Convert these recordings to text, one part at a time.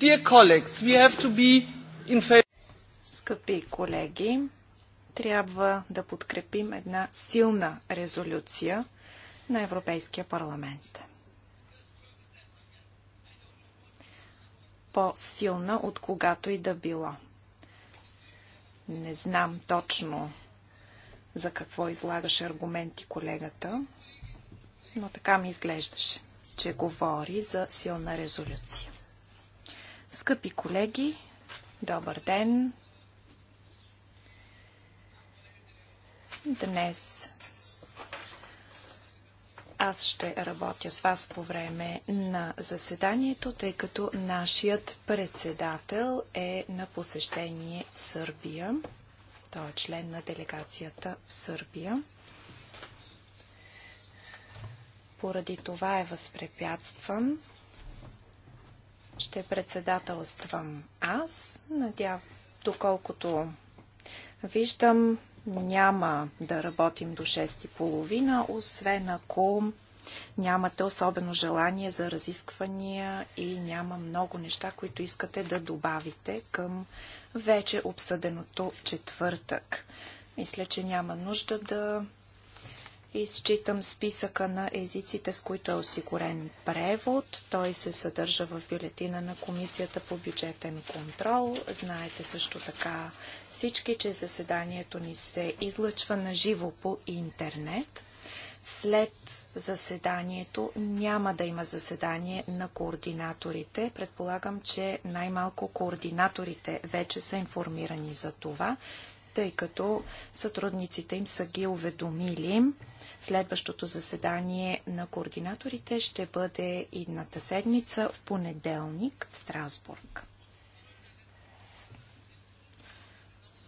Dear colleagues, we have to be in Скъпи колеги, трябва да подкрепим една силна резолюция на Европейския парламент. По-силна от когато и да било. Не знам точно за какво излагаше аргументи колегата, но така ми изглеждаше, че говори за силна резолюция. Скъпи колеги, добър ден! Днес аз ще работя с вас по време на заседанието, тъй като нашият председател е на посещение в Сърбия. Той е член на делегацията в Сърбия. Поради това е възпрепятстван ще председателствам аз. Надявам, доколкото виждам, няма да работим до 6.30, освен ако нямате особено желание за разисквания и няма много неща, които искате да добавите към вече обсъденото в четвъртък. Мисля, че няма нужда да Изчитам списъка на езиците, с които е осигурен превод. Той се съдържа в бюлетина на Комисията по бюджетен контрол. Знаете също така всички, че заседанието ни се излъчва на живо по интернет. След заседанието няма да има заседание на координаторите. Предполагам, че най-малко координаторите вече са информирани за това, тъй като сътрудниците им са ги уведомили. Следващото заседание на координаторите ще бъде идната седмица в понеделник в Страсбург.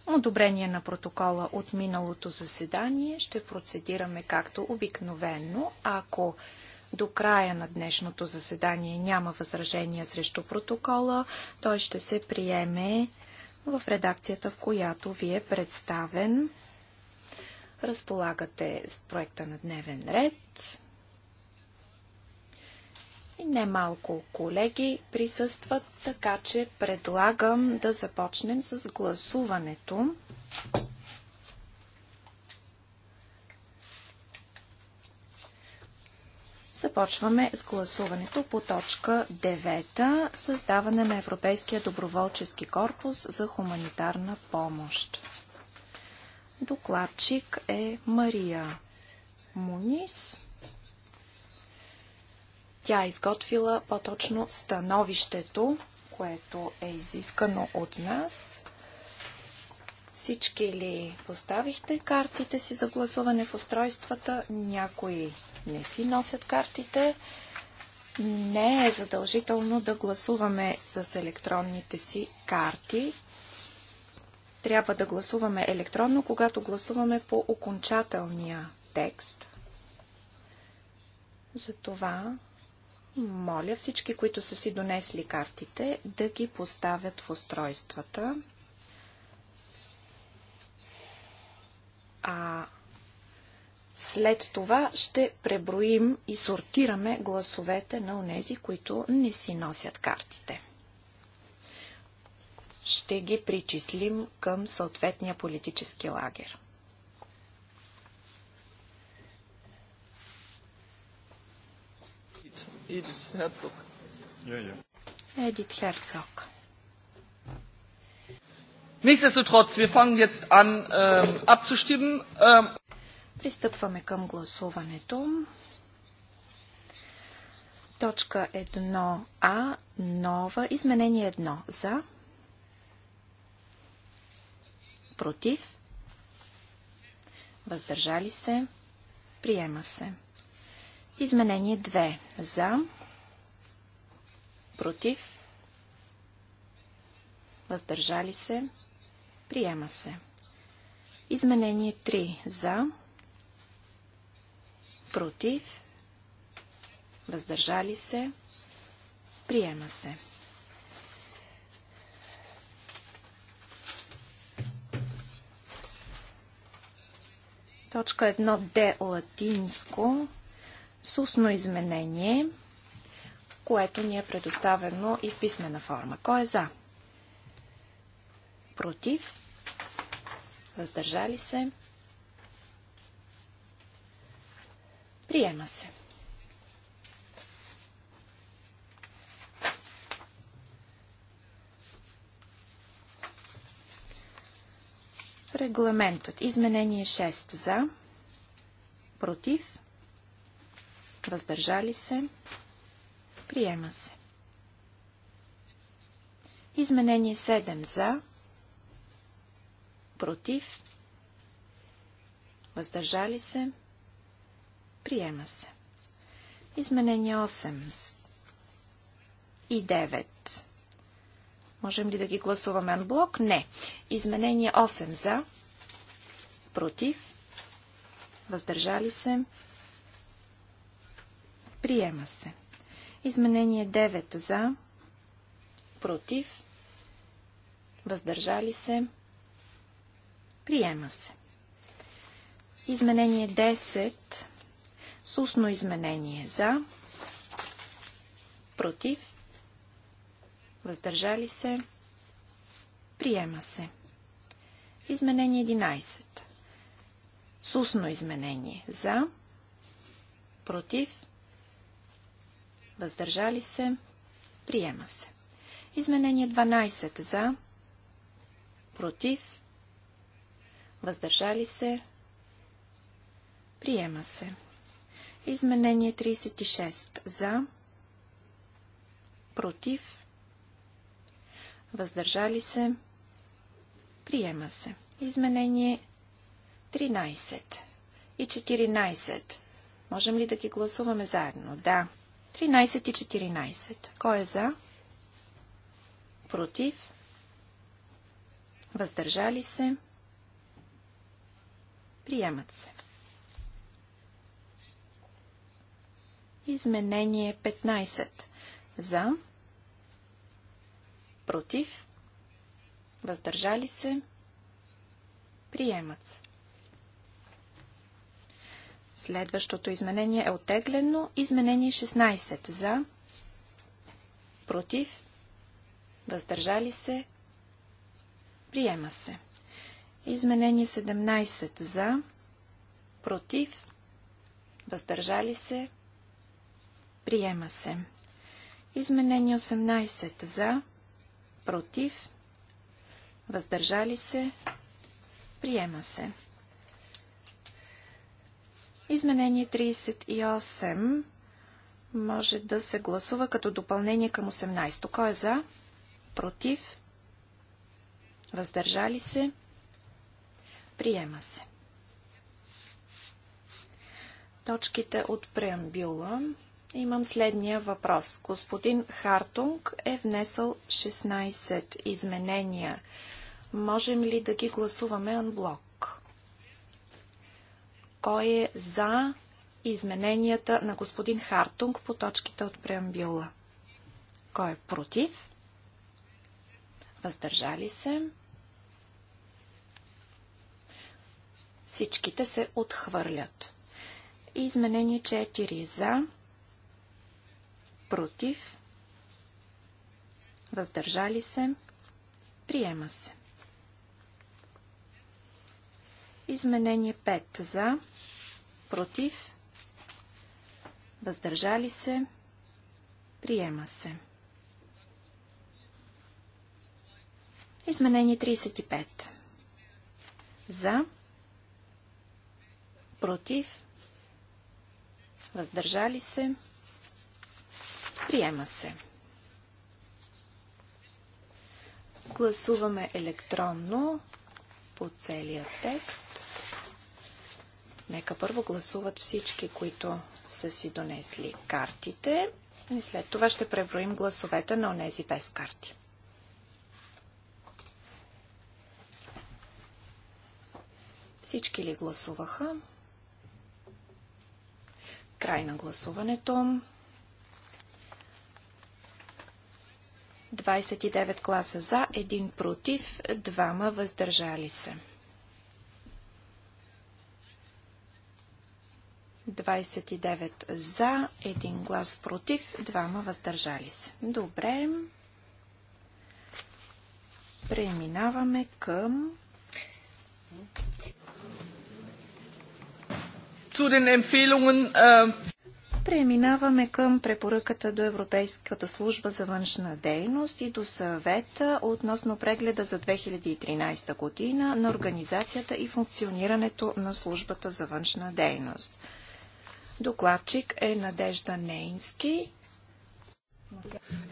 Одобрение на протокола от миналото заседание ще процедираме както обикновено. Ако до края на днешното заседание няма възражения срещу протокола, той ще се приеме в редакцията, в която ви е представен. Разполагате с проекта на дневен ред. И немалко колеги присъстват, така че предлагам да започнем с гласуването. Започваме с гласуването по точка 9 създаване на Европейския доброволчески корпус за хуманитарна помощ. Докладчик е Мария Мунис. Тя е изготвила по-точно становището, което е изискано от нас. Всички ли поставихте картите си за гласуване в устройствата? Някои не си носят картите. Не е задължително да гласуваме с електронните си карти. Трябва да гласуваме електронно, когато гласуваме по окончателния текст. Затова моля всички, които са си донесли картите, да ги поставят в устройствата. А след това ще преброим и сортираме гласовете на онези, които не си носят картите ще ги причислим към съответния политически лагер. Едит Херцог. Едит Херцог. Nichtsdestotrotz, wir fangen jetzt an ähm, abzustimmen. Ähm, Пристъпваме към гласуването. Точка 1А, нова, изменение 1. За Против. Въздържали се. Приема се. Изменение 2. За. Против. Въздържали се. Приема се. Изменение 3. За. Против. Въздържали се. Приема се. Точка 1 Д латинско с устно изменение, което ни е предоставено и в писмена форма. Кой е за? Против? Въздържали се? Приема се. регламентът. Изменение 6 за, против, въздържали се, приема се. Изменение 7 за, против, въздържали се, приема се. Изменение 8 и 9. Можем ли да ги гласуваме анблок? Не. Изменение 8 за, против, въздържали се, приема се. Изменение 9 за, против, въздържали се, приема се. Изменение 10 с устно изменение за, против, въздържали се, приема се. Изменение 11 устно изменение. За. Против. Въздържали се. Приема се. Изменение 12. За. Против. Въздържали се. Приема се. Изменение 36. За. Против. Въздържали се. Приема се. Изменение 37. 13 и 14. Можем ли да ги гласуваме заедно? Да. 13 и 14. Кой е за? Против? Въздържали се? Приемат се. Изменение 15. За? Против? Въздържали се? Приемат се. Следващото изменение е отеглено, Изменение 16 за, против, въздържали се, приема се. Изменение 17 за, против, въздържали се, приема се. Изменение 18 за, против, въздържали се, приема се. Изменение 38 може да се гласува като допълнение към 18. Кой е за? Против? Въздържали се? Приема се. Точките от преамбюла. Имам следния въпрос. Господин Хартунг е внесъл 16 изменения. Можем ли да ги гласуваме анблок? Кой е за измененията на господин Хартунг по точките от преамбюла? Кой е против? Въздържали се? Всичките се отхвърлят. Изменение 4 е за, против, въздържали се, приема се. Изменение 5 е за, против, въздържали се, приема се. Изменение 35. За, против, въздържали се, приема се. Гласуваме електронно по целия текст. Нека първо гласуват всички, които са си донесли картите и след това ще преброим гласовете на онези без карти. Всички ли гласуваха? Край на гласуването. 29 гласа за, 1 против, 2 въздържали се. 29 за, 1 глас против, 2 въздържали се. Добре. Преминаваме към zu den Empfehlungen. Äh... Преминаваме към препоръката до Европейската служба за външна дейност и до съвета относно прегледа за 2013 година на организацията и функционирането на службата за външна дейност. Докладчик е Надежда Нейнски.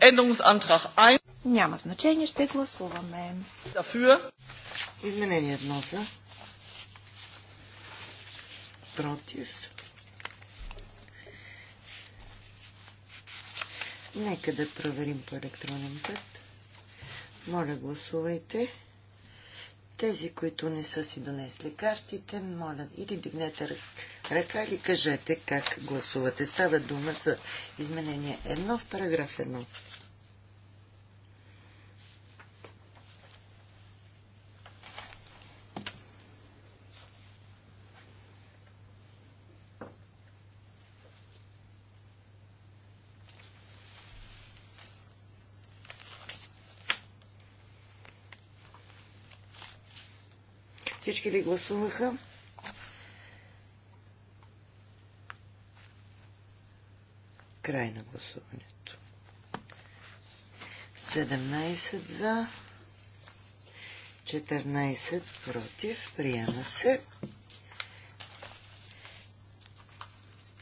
Änderungsantrag 1. Няма значение, ще гласуваме. Dafür. Изменение едно за. Против. Нека да проверим по електронен път. Моля, гласувайте. Тези, които не са си донесли картите, моля или дигнете ръка или кажете как гласувате. Става дума за изменение 1 в параграф 1. Всички ли гласуваха? Край на гласуването. 17 за, 14 против. Приема се.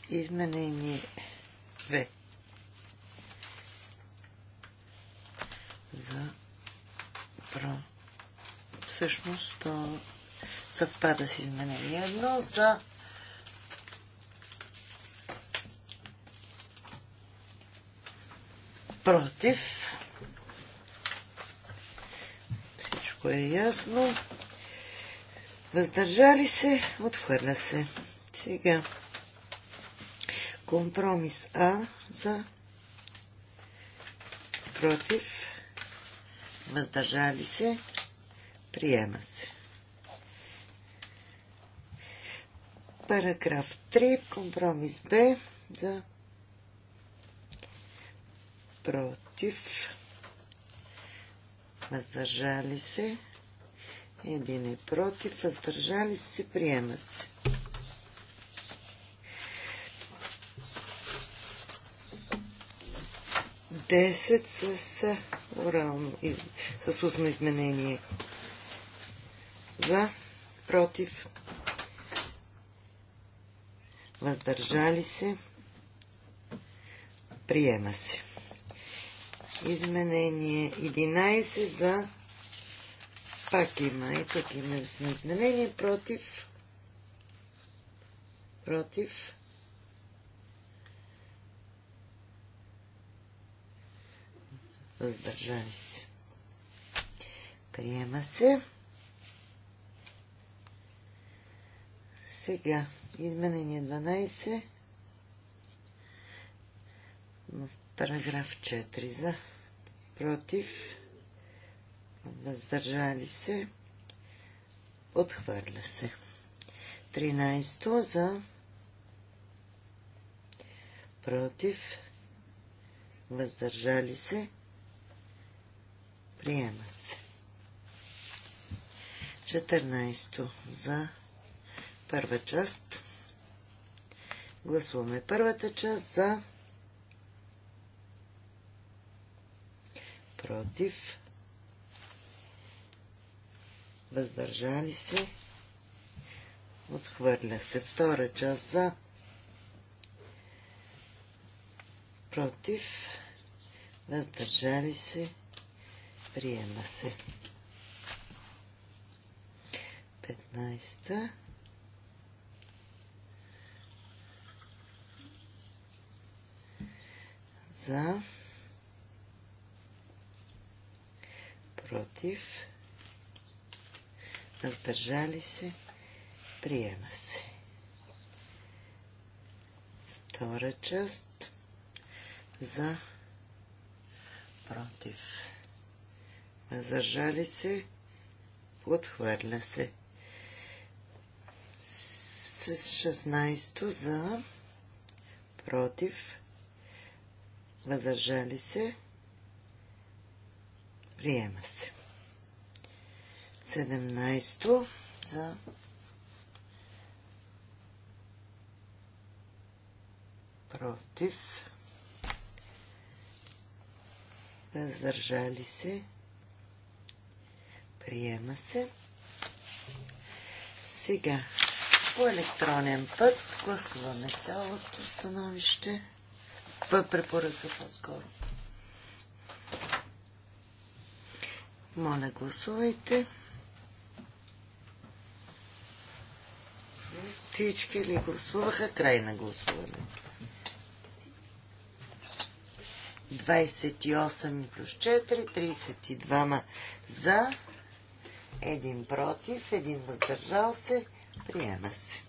Изменени 2. За про. Всъщност то съвпада с изменение Едно, за против. Всичко е ясно. Въздържали се, отхвърля се. Сега. Компромис А за против. Въздържали се. Приема се. Параграф 3, компромис Б за против. Въздържали се. Един е против. Въздържали се. Приема се. Десет с орално, с устно изменение. За, против, въздържали се, приема се. Изменение 11 за пак има. И тук има изменение против. Против. Въздържали се. Приема се. Сега Изменение 12 в параграф 4 за против въздържали се отхвърля се 13 за против въздържали се приема се 14 за първа част Гласуваме първата част за против въздържали се отхвърля се втора част за против въздържали се приема се 15 за, против, въздържали се, приема се. Втора част за, против, въздържали се, отхвърля се. С 16 за, против, въздържали се, приема се. 17 за против, въздържали се, приема се. Сега по електронен път гласуваме цялото становище препоръка по-скоро. Моля, гласувайте. Всички ли гласуваха? Край на гласуване. 28 плюс 4, 32 за, 1 против, 1 въздържал се, приема се.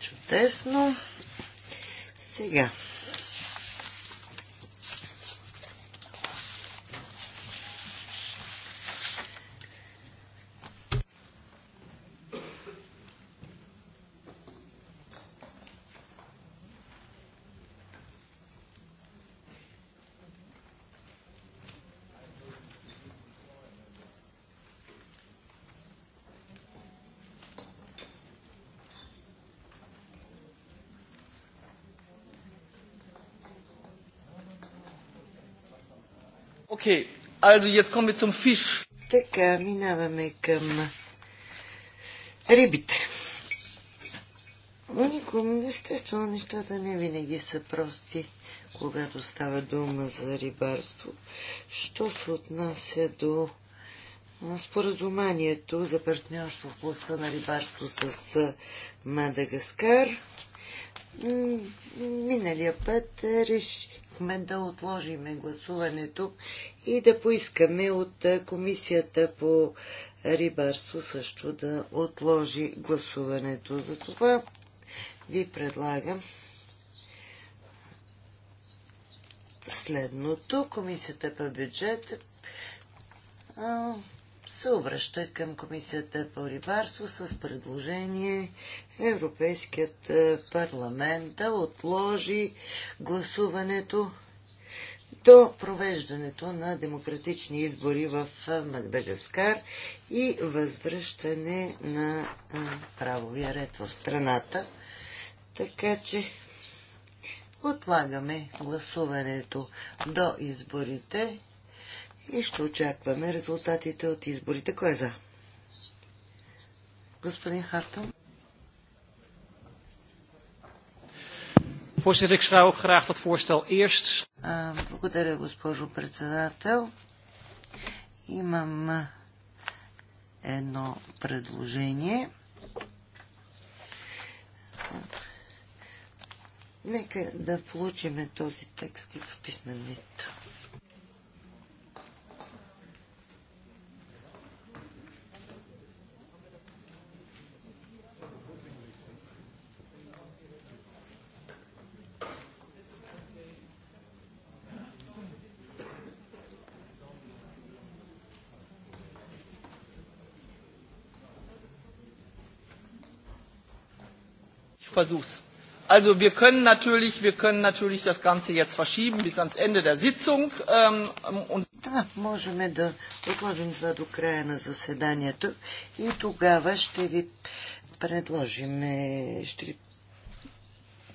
Чудесно. Сега Okay. Also jetzt kommen wir zum Fisch. Така, минаваме към рибите. Ником, естествено, нещата не винаги са прости, когато става дума за рибарство. Що се отнася до споразуманието за партньорство в областта на рибарство с Мадагаскар – Миналия път решихме да отложиме гласуването и да поискаме от комисията по рибарство също да отложи гласуването. Затова ви предлагам следното. Комисията по бюджет се обръща към Комисията по рибарство с предложение Европейският е, парламент да отложи гласуването до провеждането на демократични избори в е, Мадагаскар и възвръщане на е, правовия ред в страната. Така че отлагаме гласуването до изборите и ще очакваме резултатите от изборите. Кой е за? Господин Хартон. Voorzitter, ik graag dat voorstel eerst. Благодаря, госпожо председател. Имам едно предложение. Нека да получиме този текст и в писмен вид. Versuchs. Also wir können natürlich, wir können natürlich das Ganze jetzt verschieben bis ans Ende der Sitzung. Ähm, und да, можем да отложим това до края на заседанието и тогава ще ви предложим, е, ще ви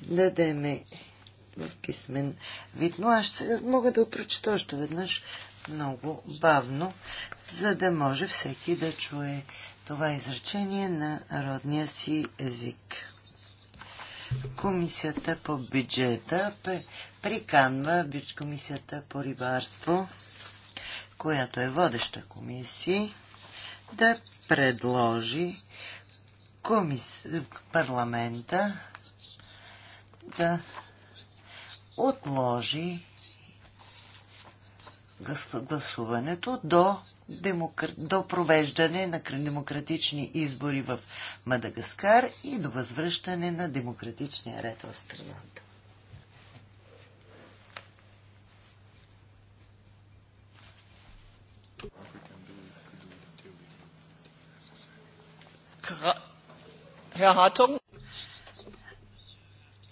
дадем е, в писмен вид. Но аз ще мога да прочета още веднъж много бавно, за да може всеки да чуе това изречение на родния си език. Комисията по бюджета приканва Комисията по рибарство, която е водеща комисия, да предложи парламента да отложи гласуването до демокр... до провеждане на демократични избори в Мадагаскар и до възвръщане на демократичния ред в страната.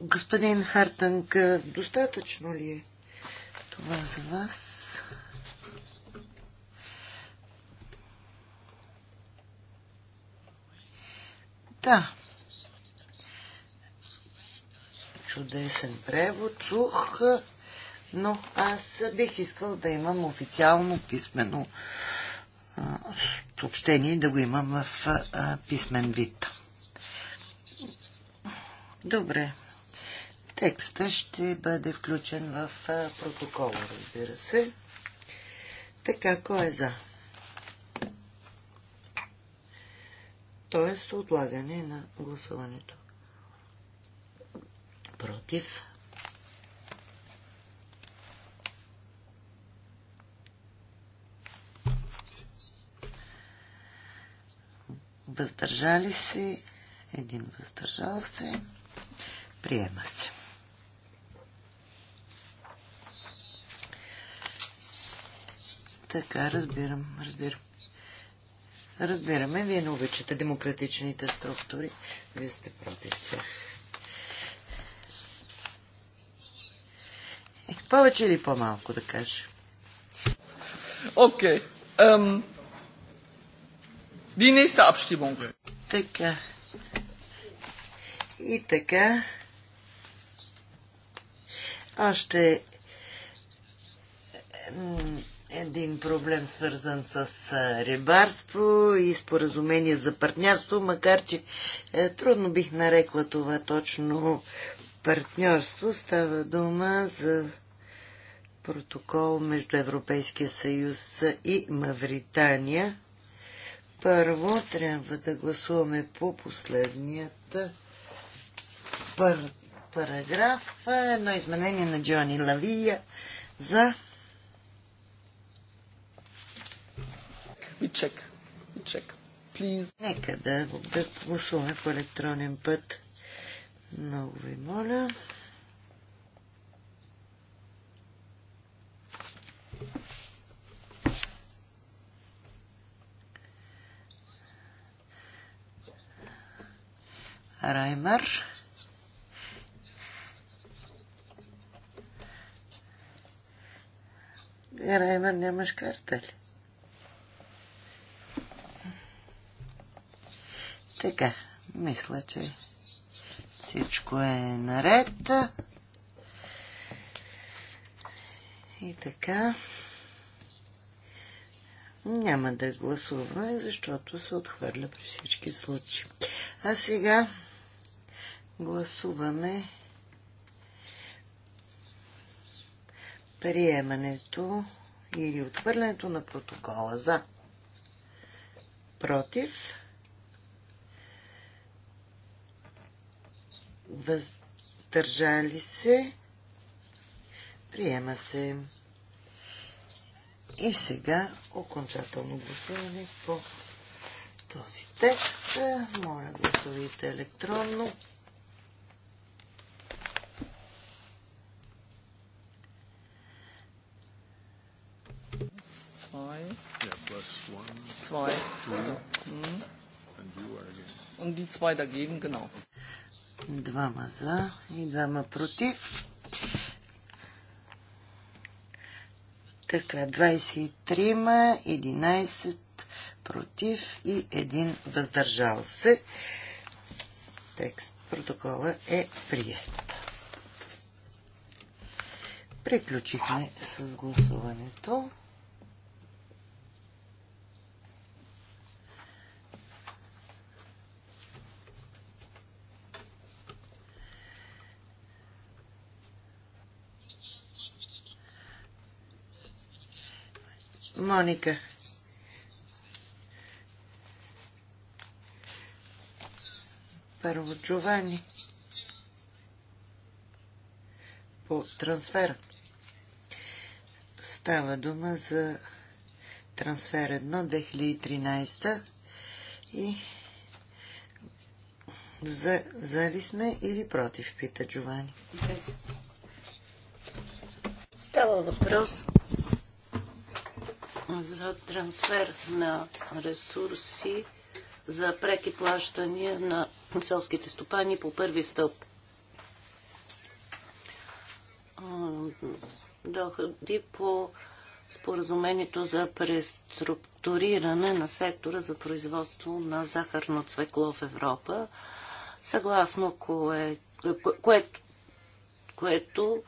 Господин Хартанг, достатъчно ли е това за вас? Та. Чудесен превод чух, но аз бих искал да имам официално писмено съобщение, да го имам в а, писмен вид. Добре. Текста ще бъде включен в протокола, разбира се. Така, кой е за? т.е. отлагане на гласуването. Против. Въздържали се. Един въздържал се. Приема се. Така разбирам, разбирам. Разбираме, вие не обичате демократичните структури, вие сте против тях. Е, повече или по-малко да кажа. Окей. Ви не сте общи Така. И така. Още един проблем свързан с рибарство и споразумение за партньорство, макар че е, трудно бих нарекла това точно партньорство. Става дума за протокол между Европейския съюз и Мавритания. Първо трябва да гласуваме по последният пар... параграф. Едно изменение на Джони Лавия за We чека. We чека. Please. Нека да, да гласуваме по електронен път. Много ви моля. Раймар. Раймар, нямаш карта ли? Така, мисля, че всичко е наред. И така. Няма да гласуваме, защото се отхвърля при всички случаи. А сега гласуваме приемането или отхвърлянето на протокола за против въздържали се, приема се. И сега окончателно гласуване по този текст. Моля, гласувайте електронно. Свой. Свой. Свой. Свой. Свой. Свой. Свой. Свой. Свой. Свой. Свой. Свой. Свой. Свой. Свой. Свой. Двама за и двама против. Така, 23, 11 против и 1 въздържал се. Текст протокола е прият. Приключихме с гласуването. Моника. Първо Джовани. По трансфер. Става дума за трансфер 1 2013 и за, за ли сме или против, пита Джовани. Става въпрос за трансфер на ресурси за преки плащания на селските стопани по първи стълб. Доходи по споразумението за преструктуриране на сектора за производство на захарно цвекло в Европа, съгласно кое, кое, което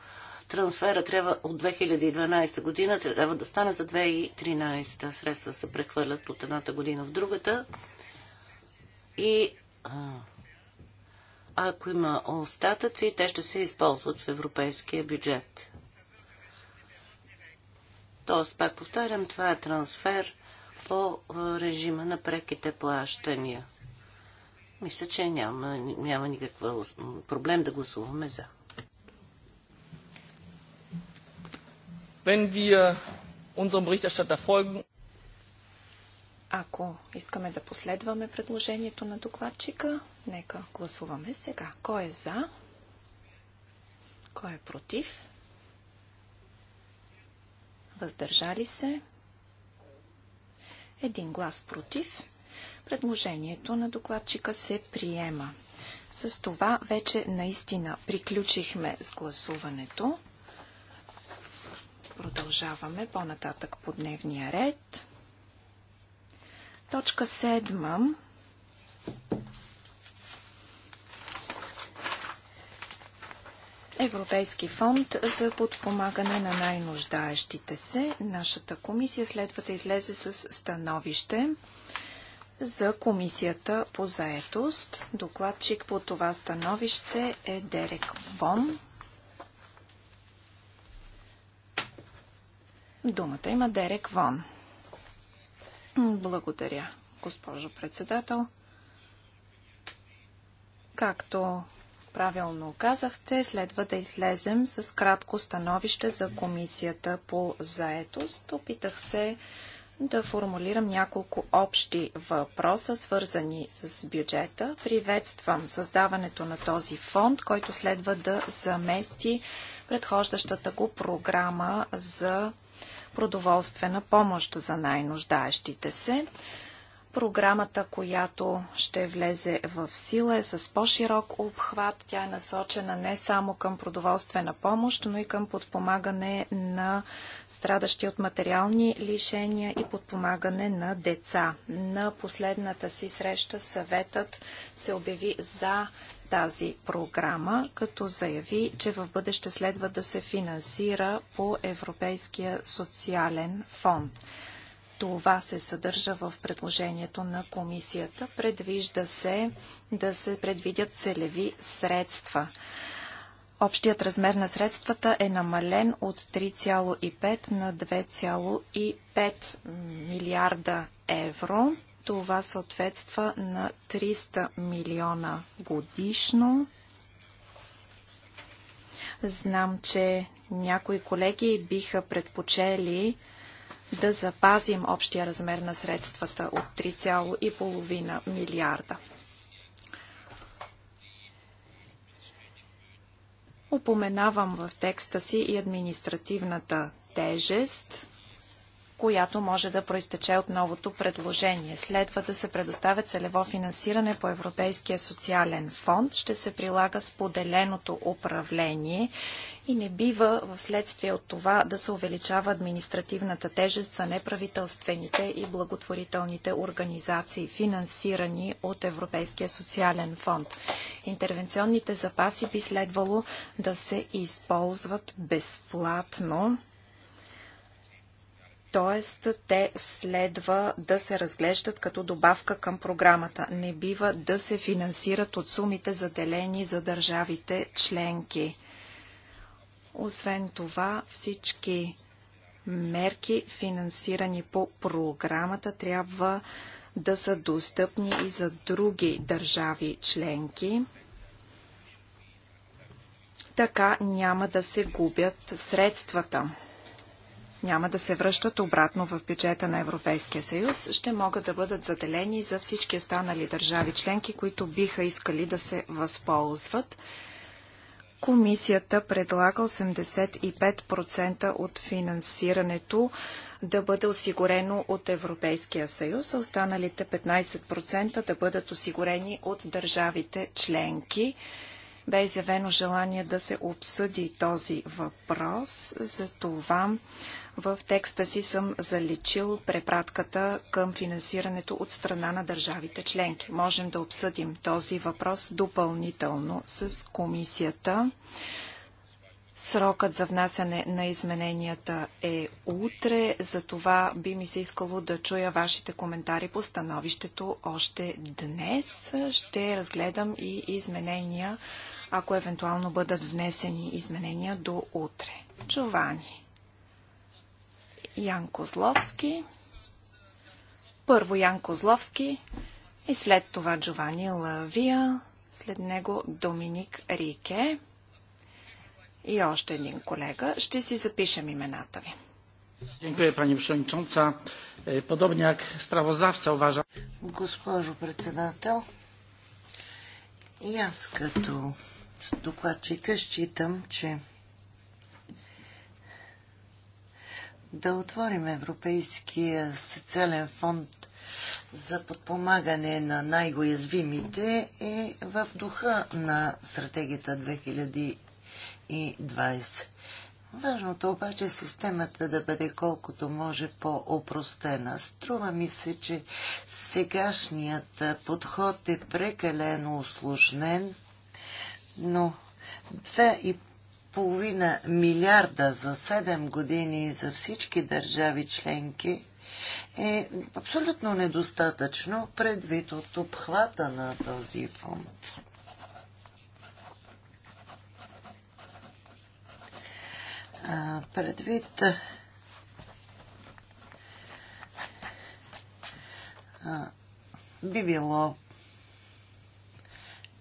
трансфера трябва от 2012 година трябва да стане за 2013. Средства се прехвърлят от едната година в другата. И а, ако има остатъци, те ще се използват в европейския бюджет. Тоест, пак повтарям, това е трансфер по режима на преките плащания. Мисля, че няма, няма никаква проблем да гласуваме за. Wenn wir unserem Berichterstatter folgen, ако искаме да последваме предложението на докладчика, нека гласуваме сега. Кой е за? Кой е против? Въздържали се? Един глас против. Предложението на докладчика се приема. С това вече наистина приключихме с гласуването. Продължаваме по-нататък по дневния ред. Точка 7. Европейски фонд за подпомагане на най-нуждаещите се. Нашата комисия следва да излезе с становище за комисията по заетост. Докладчик по това становище е Дерек Вон. Думата има Дерек Вон. Благодаря, госпожо председател. Както правилно казахте, следва да излезем с кратко становище за комисията по заетост. Опитах се да формулирам няколко общи въпроса, свързани с бюджета. Приветствам създаването на този фонд, който следва да замести предхождащата го програма за продоволствена помощ за най-нуждаещите се. Програмата, която ще влезе в сила е с по-широк обхват. Тя е насочена не само към продоволствена помощ, но и към подпомагане на страдащи от материални лишения и подпомагане на деца. На последната си среща съветът се обяви за тази програма, като заяви, че в бъдеще следва да се финансира по Европейския социален фонд. Това се съдържа в предложението на комисията. Предвижда се да се предвидят целеви средства. Общият размер на средствата е намален от 3,5 на 2,5 милиарда евро. Това съответства на 300 милиона годишно. Знам, че някои колеги биха предпочели да запазим общия размер на средствата от 3,5 милиарда. Упоменавам в текста си и административната тежест която може да проистече от новото предложение. Следва да се предоставя целево финансиране по Европейския социален фонд. Ще се прилага споделеното управление и не бива в следствие от това да се увеличава административната тежест за неправителствените и благотворителните организации, финансирани от Европейския социален фонд. Интервенционните запаси би следвало да се използват безплатно т.е. те следва да се разглеждат като добавка към програмата. Не бива да се финансират от сумите заделени за държавите членки. Освен това, всички мерки, финансирани по програмата, трябва да са достъпни и за други държави членки. Така няма да се губят средствата няма да се връщат обратно в бюджета на Европейския съюз, ще могат да бъдат заделени за всички останали държави членки, които биха искали да се възползват. Комисията предлага 85% от финансирането да бъде осигурено от Европейския съюз, а останалите 15% да бъдат осигурени от държавите членки. Бе изявено желание да се обсъди този въпрос, за това в текста си съм заличил препратката към финансирането от страна на държавите членки. Можем да обсъдим този въпрос допълнително с комисията. Срокът за внасяне на измененията е утре, за това би ми се искало да чуя вашите коментари по становището още днес. Ще разгледам и изменения, ако евентуално бъдат внесени изменения до утре. Чувани. Ян Козловски. Първо Ян Козловски и след това Джовани Лавия, след него Доминик Рике и още един колега. Ще си запишем имената ви. Dziękuję Pani Przewodnicząca. E, podobnie jak sprawozdawca uważam... Госпожо председател, и аз като докладчика считам, че да отворим Европейския социален фонд за подпомагане на най-гоязвимите е в духа на стратегията 2020. Важното обаче е системата да бъде колкото може по-опростена. Струва ми се, че сегашният подход е прекалено усложнен, но половина милиарда за 7 години за всички държави членки е абсолютно недостатъчно предвид от обхвата на този фонд. А, предвид а, би било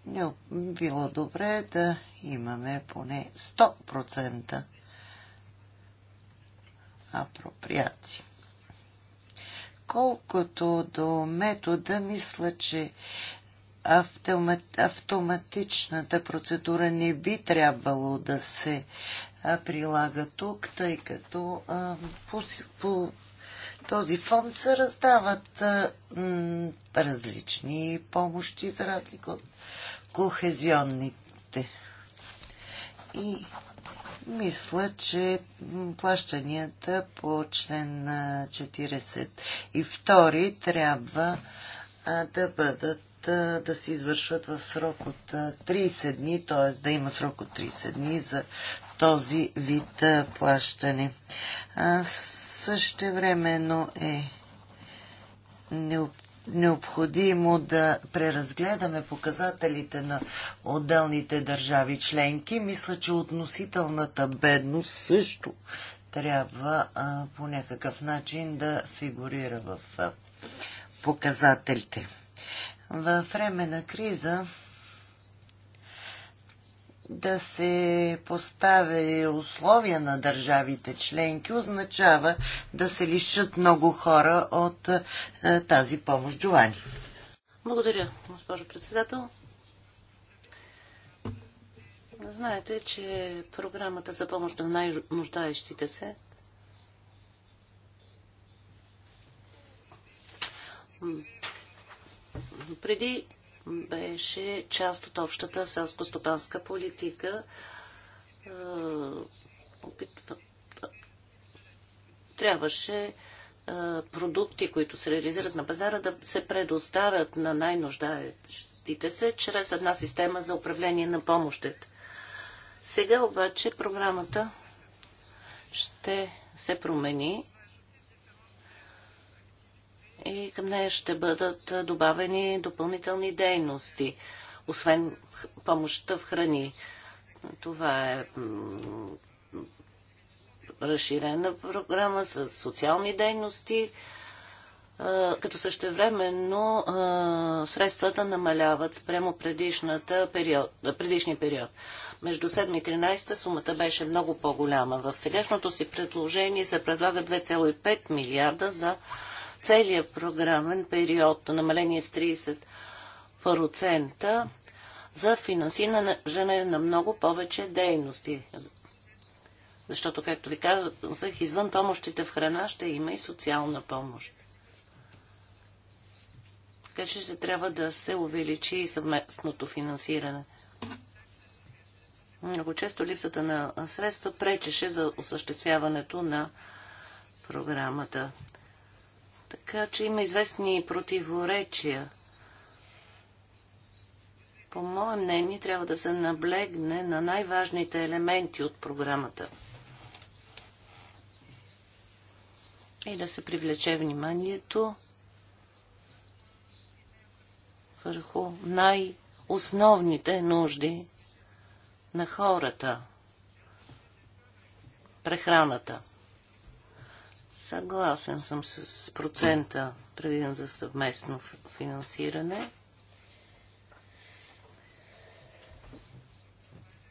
не било добре да имаме поне 100% апроприации. Колкото до метода, мисля, че автоматичната процедура не би трябвало да се прилага тук, тъй като по, по този фонд се раздават различни помощи за разлика от кохезионните. И мисля, че плащанията по член 42 трябва да бъдат да се извършват в срок от 30 дни, т.е. да има срок от 30 дни за този вид плащане. Същевременно е необходимо необходимо да преразгледаме показателите на отделните държави членки. Мисля, че относителната бедност също трябва а, по някакъв начин да фигурира в а, показателите. Във време на криза да се поставя условия на държавите членки означава да се лишат много хора от е, тази помощ. Джовани. Благодаря, госпожо председател. Знаете, че програмата за помощ на най-нуждаещите се преди беше част от общата селско-стопанска политика. Трябваше продукти, които се реализират на пазара, да се предоставят на най-нуждаещите се чрез една система за управление на помощите. Сега обаче програмата ще се промени и към нея ще бъдат добавени допълнителни дейности, освен помощта в храни. Това е разширена програма с социални дейности, като същевременно средствата намаляват спрямо предишната период, предишния период. Между 7 и 13 сумата беше много по-голяма. В сегашното си предложение се предлага 2,5 милиарда за целият програмен период, намаление с 30% за финансиране на много повече дейности. Защото, както ви казах, извън помощите в храна ще има и социална помощ. Така че ще трябва да се увеличи и съвместното финансиране. Много често липсата на средства пречеше за осъществяването на програмата. Така че има известни противоречия. По мое мнение, трябва да се наблегне на най-важните елементи от програмата и да се привлече вниманието върху най-основните нужди на хората. Прехраната. Съгласен съм с процента, предвиден за съвместно финансиране.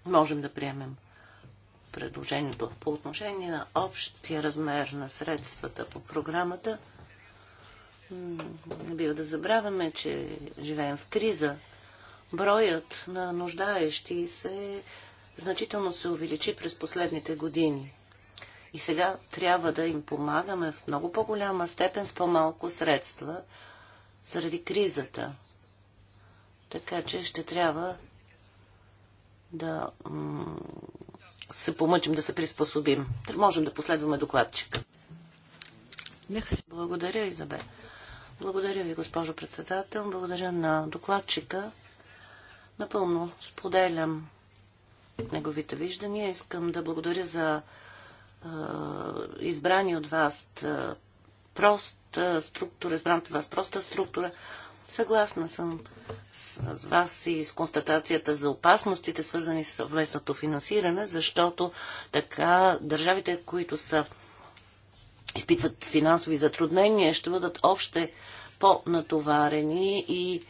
Можем да приемем предложението по отношение на общия размер на средствата по програмата. Не бива да забравяме, че живеем в криза. Броят на нуждаещи се значително се увеличи през последните години. И сега трябва да им помагаме в много по-голяма степен с по-малко средства заради кризата. Така че ще трябва да се помъчим да се приспособим. Можем да последваме докладчика. Благодаря, Изабе. Благодаря ви, госпожо председател. Благодаря на докладчика. Напълно споделям неговите виждания. Искам да благодаря за избрани от вас проста структура, избран от вас проста структура. Съгласна съм с вас и с констатацията за опасностите, свързани с съвместното финансиране, защото така държавите, които са изпитват финансови затруднения, ще бъдат още по-натоварени и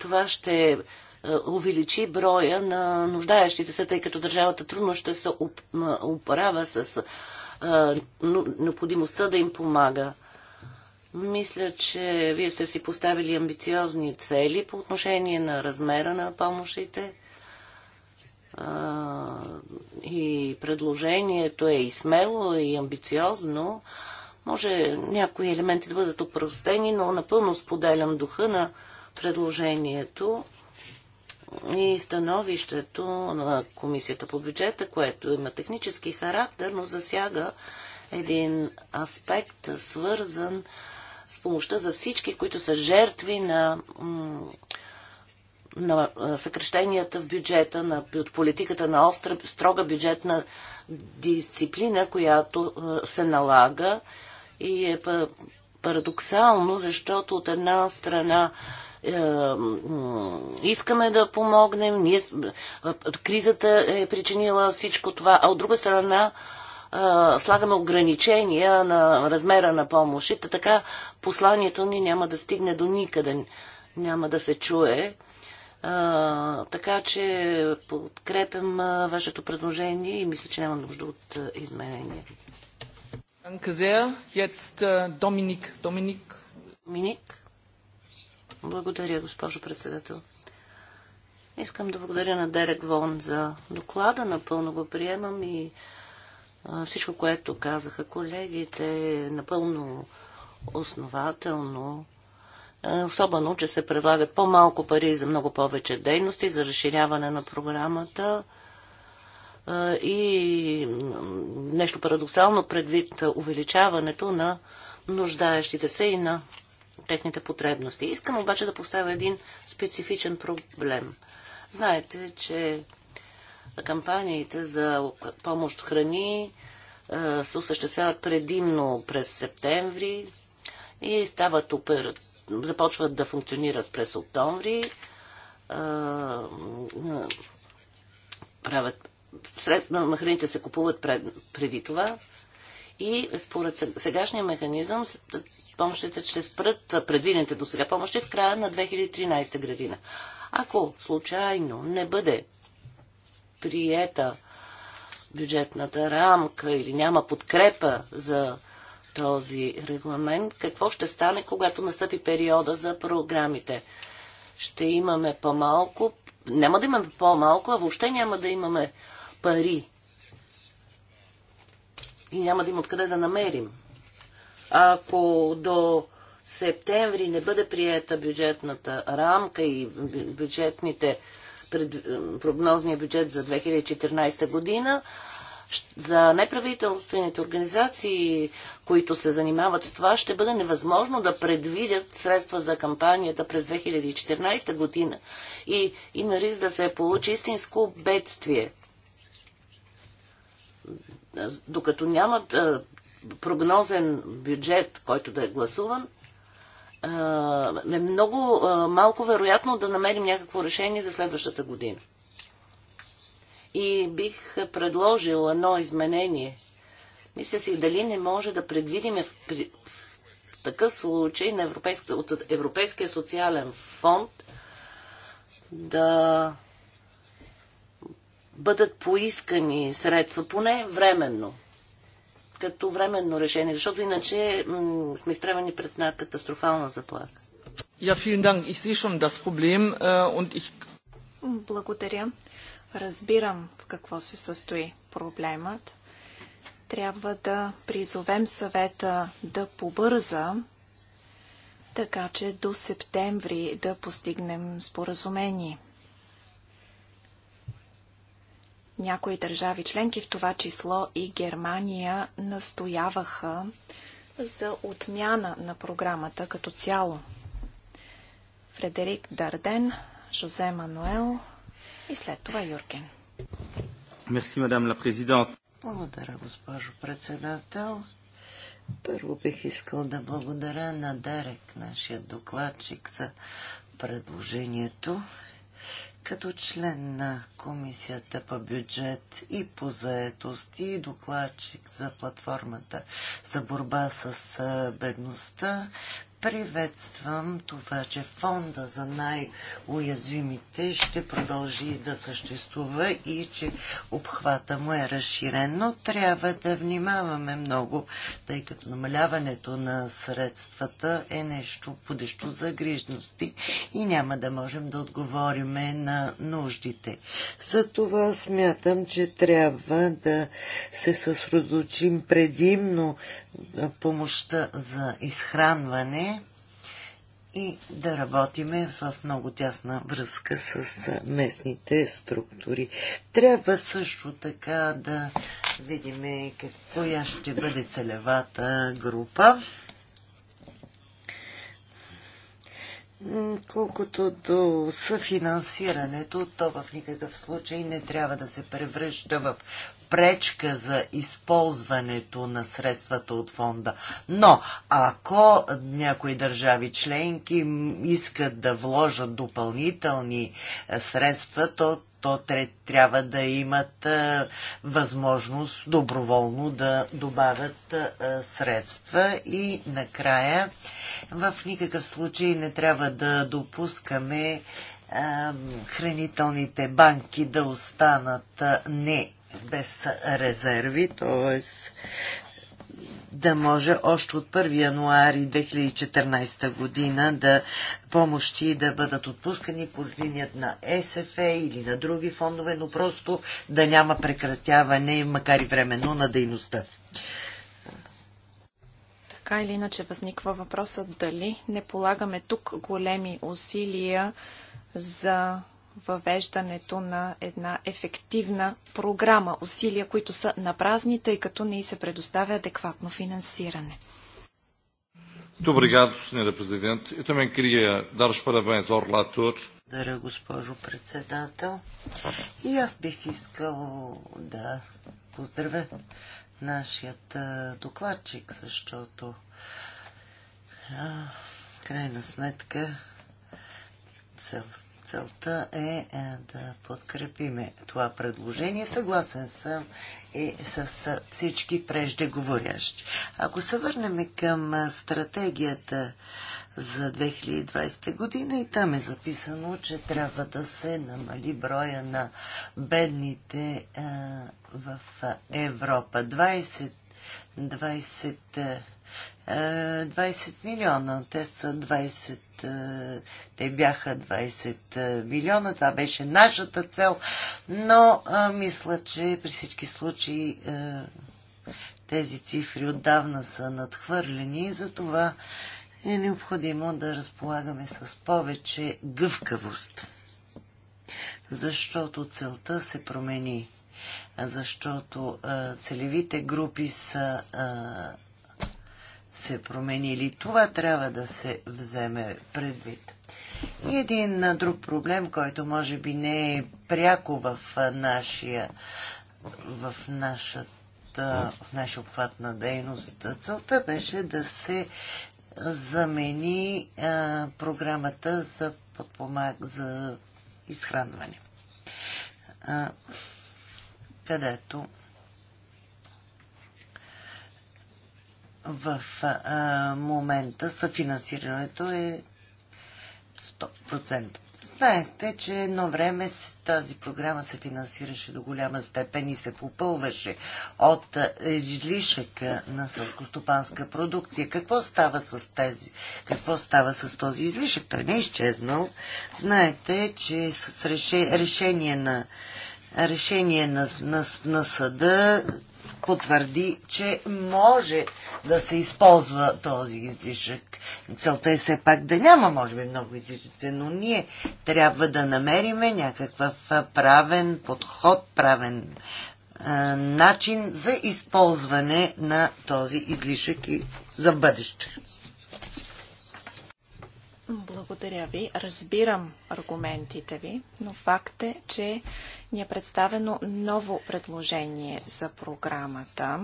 това ще е, увеличи броя на нуждаещите се, тъй като държавата трудно ще се оправя с е, необходимостта да им помага. Мисля, че вие сте си поставили амбициозни цели по отношение на размера на помощите. И предложението е и смело, и амбициозно. Може някои елементи да бъдат упростени, но напълно споделям духа на предложението и становището на Комисията по бюджета, което има технически характер, но засяга един аспект, свързан с помощта за всички, които са жертви на, на съкрещенията в бюджета, на политиката на остра, строга бюджетна дисциплина, която е, се налага и е парадоксално, защото от една страна искаме да помогнем, ние, кризата е причинила всичко това, а от друга страна слагаме ограничения на размера на помощите, така посланието ни няма да стигне до никъде, няма да се чуе. А, така че подкрепям вашето предложение и мисля, че няма нужда от изменения. Danke sehr. Jetzt Dominik. Dominik. Dominik. Благодаря, госпожо председател. Искам да благодаря на Дерек Вон за доклада. Напълно го приемам и всичко, което казаха колегите, е напълно основателно. Особено, че се предлагат по-малко пари за много повече дейности, за разширяване на програмата и нещо парадоксално предвид увеличаването на нуждаещите се и на техните потребности. Искам обаче да поставя един специфичен проблем. Знаете, че кампаниите за помощ храни е, се осъществяват предимно през септември и стават опер... започват да функционират през октомври. Е, правят... Сред... Храните се купуват пред... преди това и според сегашния механизъм помощите ще спрат предвидените до сега помощи в края на 2013 година. Ако случайно не бъде приета бюджетната рамка или няма подкрепа за този регламент, какво ще стане, когато настъпи периода за програмите? Ще имаме по-малко, няма да имаме по-малко, а въобще няма да имаме пари. И няма да има откъде да намерим. Ако до септември не бъде приета бюджетната рамка и бюджетните прогнозния бюджет за 2014 година, за неправителствените организации, които се занимават с това, ще бъде невъзможно да предвидят средства за кампанията през 2014 година и има риск да се получи истинско бедствие. Докато няма прогнозен бюджет, който да е гласуван, е много малко вероятно да намерим някакво решение за следващата година. И бих предложил едно изменение. Мисля си дали не може да предвидим в, в такъв случай на европейск, от Европейския социален фонд да бъдат поискани средства, поне временно, като временно решение, защото иначе сме изправени пред една катастрофална заплаха. Ja, vielen Dank. Ich sehe schon das Problem äh, und ich... Благодаря. Разбирам в какво се състои проблемът. Трябва да призовем съвета да побърза, така че до септември да постигнем споразумение. Някои държави членки, в това число и Германия, настояваха за отмяна на програмата като цяло. Фредерик Дарден, Жозе Мануел и след това Юрген. Мерси, мадам ла президент. Благодаря, госпожо председател. Първо бих искал да благодаря на Дарек, нашия докладчик, за предложението като член на Комисията по бюджет и по заетост и докладчик за платформата за борба с бедността, Приветствам това, че фонда за най-уязвимите ще продължи да съществува и че обхвата му е разширен, но трябва да внимаваме много, тъй като намаляването на средствата е нещо подещо за грижности и няма да можем да отговорим на нуждите. За това смятам, че трябва да се съсредоточим предимно помощта за изхранване и да работиме в много тясна връзка с местните структури. Трябва също така да видим коя ще бъде целевата група. Колкото до съфинансирането, то в никакъв случай не трябва да се превръща в пречка за използването на средствата от фонда. Но ако някои държави членки искат да вложат допълнителни е, средства, то то трябва да имат а, е, възможност доброволно да добавят а, е, средства и накрая в никакъв случай не трябва да допускаме а, хранителните банки да останат не без резерви, т.е. да може още от 1 януари 2014 година да помощи да бъдат отпускани по линият на СФА или на други фондове, но просто да няма прекратяване, макар и временно, на дейността. Така или иначе възниква въпросът дали не полагаме тук големи усилия за въвеждането на една ефективна програма, усилия, които са напразни, тъй като не и се предоставя адекватно финансиране. Muito господин Sra. Ето Eu крие Дарш Парабен Зор Латур. Благодаря, госпожо председател. И аз бих искал да поздравя нашият докладчик, защото а, крайна сметка целта целта е, е да подкрепиме това предложение. Съгласен съм и с всички преждеговорящи. Ако се върнем към стратегията за 2020 година и там е записано, че трябва да се намали броя на бедните е, в Европа. 20, 20 20 милиона. Те са 20 е, те бяха 20 е, милиона, това беше нашата цел, но а, е, мисля, че при всички случаи а, тези цифри отдавна са надхвърлени и затова е необходимо да разполагаме с повече гъвкавост. Защото целта се промени. Защото а, целевите групи са а, се променили. Това трябва да се вземе предвид. И един друг проблем, който може би не е пряко в нашия в нашата в нашия обхват на дейност. Целта беше да се замени а, програмата за подпомаг, за изхранване. А, където в а, момента съфинансирането е 100%. Знаете, че едно време тази програма се финансираше до голяма степен и се попълваше от излишък на сълскостопанска продукция. Какво става с тези? Какво става с този излишък? Той не е изчезнал. Знаете, че с решение на решение на, на, на съда потвърди, че може да се използва този излишък. Целта е все пак да няма, може би, много излишъци, но ние трябва да намериме някакъв правен подход, правен начин за използване на този излишък и за бъдеще. Благодаря ви. Разбирам аргументите ви, но факт е, че ни е представено ново предложение за програмата,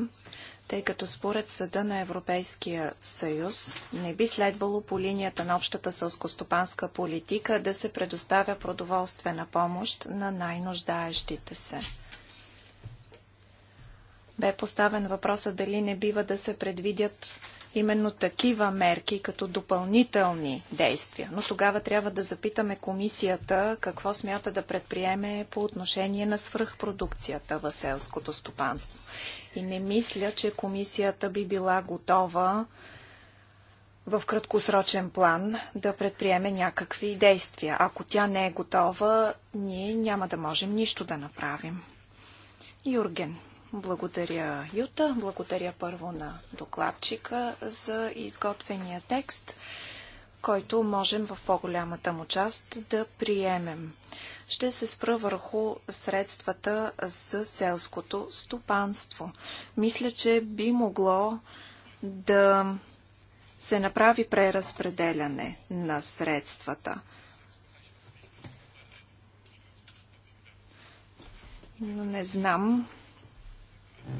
тъй като според Съда на Европейския съюз не би следвало по линията на общата сълскостопанска политика да се предоставя продоволствена помощ на най-нуждаещите се. Бе поставен въпроса дали не бива да се предвидят именно такива мерки като допълнителни действия. Но тогава трябва да запитаме комисията какво смята да предприеме по отношение на свръхпродукцията в селското стопанство. И не мисля, че комисията би била готова в краткосрочен план да предприеме някакви действия. Ако тя не е готова, ние няма да можем нищо да направим. Юрген. Благодаря, Юта. Благодаря първо на докладчика за изготвения текст, който можем в по-голямата му част да приемем. Ще се спра върху средствата за селското стопанство. Мисля, че би могло да се направи преразпределяне на средствата. Не знам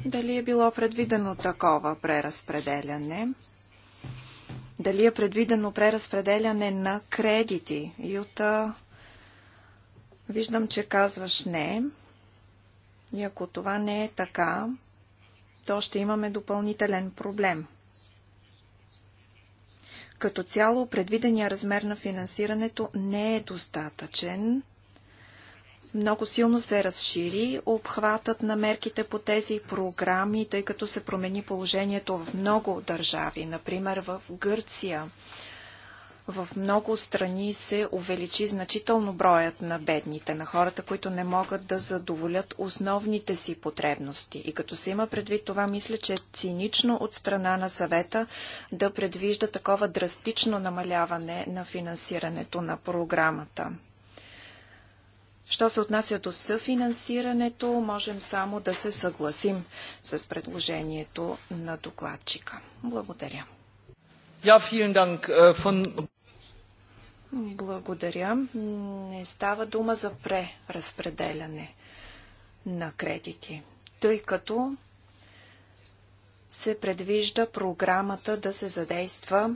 дали е било предвидено такова преразпределяне, дали е предвидено преразпределяне на кредити. Юта, виждам, че казваш не. И ако това не е така, то ще имаме допълнителен проблем. Като цяло, предвидения размер на финансирането не е достатъчен – много силно се разшири обхватът на мерките по тези програми, тъй като се промени положението в много държави, например в Гърция. В много страни се увеличи значително броят на бедните, на хората, които не могат да задоволят основните си потребности. И като се има предвид това, мисля, че е цинично от страна на съвета да предвижда такова драстично намаляване на финансирането на програмата. Що се отнася до съфинансирането, можем само да се съгласим с предложението на докладчика. Благодаря. Ja, dank, uh, Von... Благодаря. Не става дума за преразпределяне на кредити, тъй като се предвижда програмата да се задейства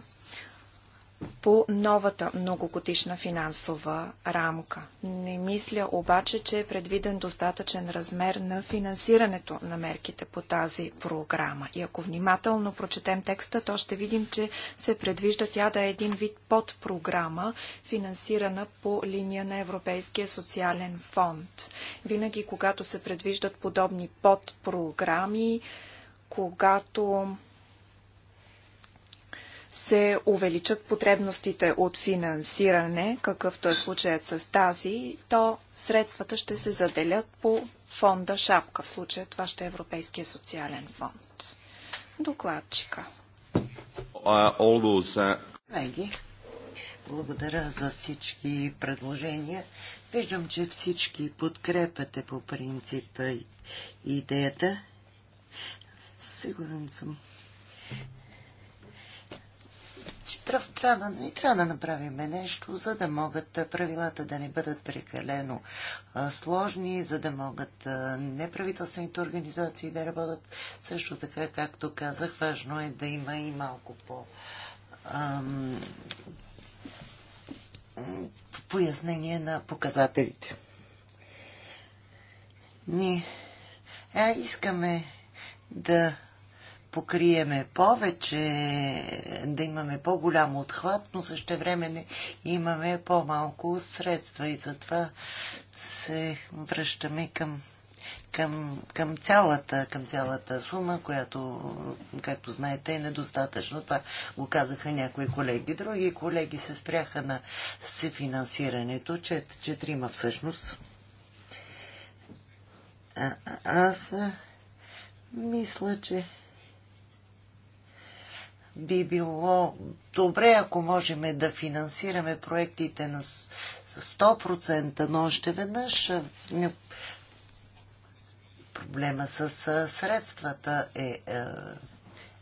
по новата многогодишна финансова рамка. Не мисля обаче, че е предвиден достатъчен размер на финансирането на мерките по тази програма. И ако внимателно прочетем текста, то ще видим, че се предвижда тя да е един вид подпрограма, финансирана по линия на Европейския социален фонд. Винаги, когато се предвиждат подобни подпрограми, когато се увеличат потребностите от финансиране, какъвто е случаят с тази, то средствата ще се заделят по фонда Шапка. В случая това ще е Европейския социален фонд. Докладчика. Колеги, благодаря за всички предложения. Виждам, че всички подкрепяте по принцип идеята. Сигурен съм трябва, трябва, да, и трябва да направим нещо, за да могат правилата да не бъдат прекалено а, сложни, за да могат а, неправителствените организации да работят. Също така, както казах, важно е да има и малко по... Ам, пояснение на показателите. Ние а, искаме да покриеме повече, да имаме по-голям отхват, но също време имаме по-малко средства и затова се връщаме към, към, към, цялата, към цялата сума, която, както знаете, е недостатъчно. Това го казаха някои колеги. Други колеги се спряха на съфинансирането, че, четирима всъщност. А, аз мисля, че би било добре, ако можем да финансираме проектите на 100%, но още веднъж проблема с средствата е, е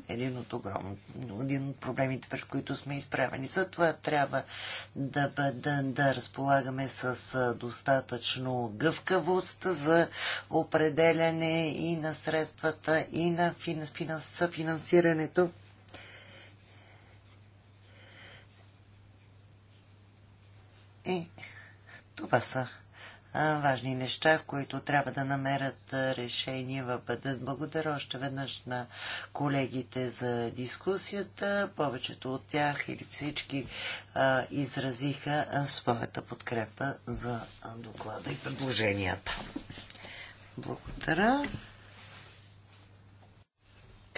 един от огромни, един от проблемите, пред които сме изправени. За това трябва да, да, да разполагаме с достатъчно гъвкавост за определяне и на средствата, и на финансирането. И е, това са важни неща, които трябва да намерят решение в бъдат. Благодаря още веднъж на колегите за дискусията. Повечето от тях или всички а, изразиха своята подкрепа за доклада и предложенията. Благодаря.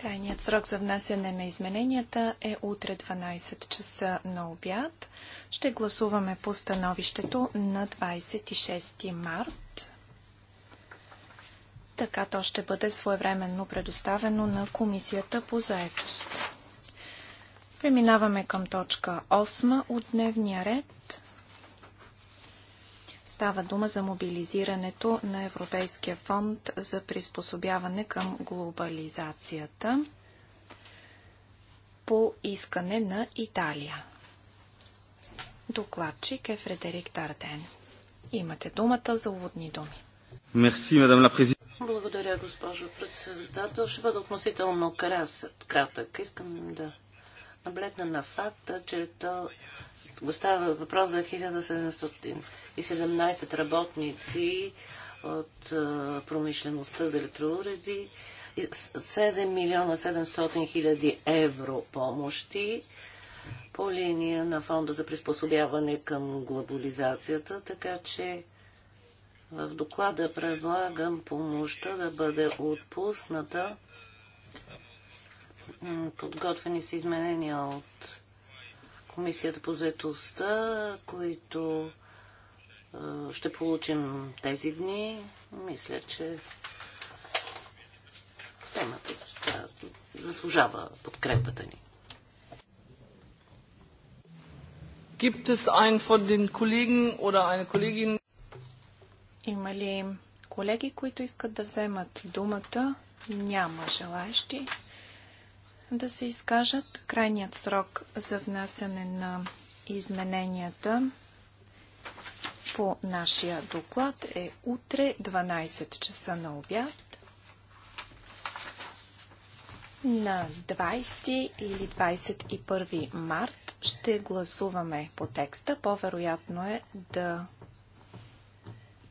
Крайният срок за внасяне на измененията е утре 12 часа на обяд. Ще гласуваме по становището на 26 март. Така то ще бъде своевременно предоставено на Комисията по заетост. Преминаваме към точка 8 от дневния ред. Става дума за мобилизирането на Европейския фонд за приспособяване към глобализацията по искане на Италия. Докладчик е Фредерик Тарден. Имате думата за уводни думи. Мерси, мадам ла Благодаря, госпожо председател. Ще бъда относително кратък. Искам да наблегна на факта, че то става въпрос за 1717 работници от промишлеността за електроуреди, 7 милиона 700 хиляди евро помощи по линия на фонда за приспособяване към глобализацията, така че в доклада предлагам помощта да бъде отпусната Подготвени са изменения от Комисията по заетостта, които ще получим тези дни. Мисля, че темата заслужава подкрепата ни. Gibt es einen von den Kollegen oder eine Kollegin? Има ли колеги, които искат да вземат думата? Няма желаящи да се изкажат. Крайният срок за внасяне на измененията по нашия доклад е утре 12 часа на обяд. На 20 или 21 март ще гласуваме по текста. По-вероятно е да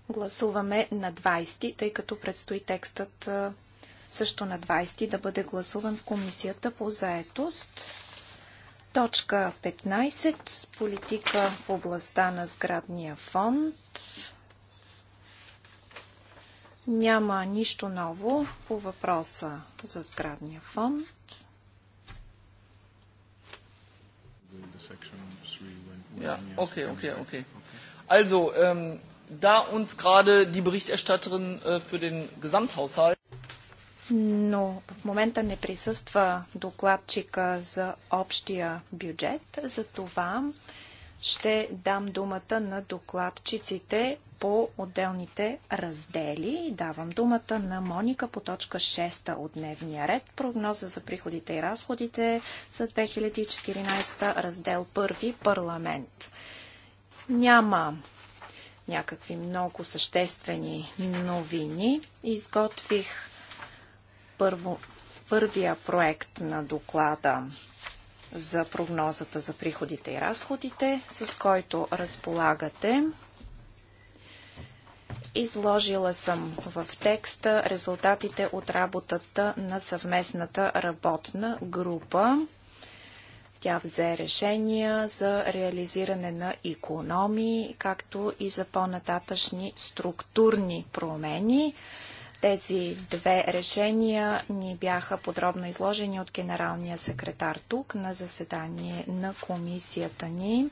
гласуваме на 20, тъй като предстои текстът също на 20 да бъде гласуван в Комисията по заетост. Точка 15. Политика в областта на сградния фонд. Няма нищо ново по въпроса за сградния фонд. Окей, okay, okay, okay. Also, ähm, da uns gerade die Berichterstatterin äh, für den Gesamthaushalt но в момента не присъства докладчика за общия бюджет. Затова ще дам думата на докладчиците по отделните раздели. Давам думата на Моника по точка 6 от дневния ред. Прогноза за приходите и разходите за 2014 раздел 1 парламент. Няма някакви много съществени новини. Изготвих първо, първия проект на доклада за прогнозата за приходите и разходите, с който разполагате. Изложила съм в текста резултатите от работата на съвместната работна група. Тя взе решения за реализиране на економии, както и за по-нататъчни структурни промени. Тези две решения ни бяха подробно изложени от генералния секретар тук на заседание на комисията ни.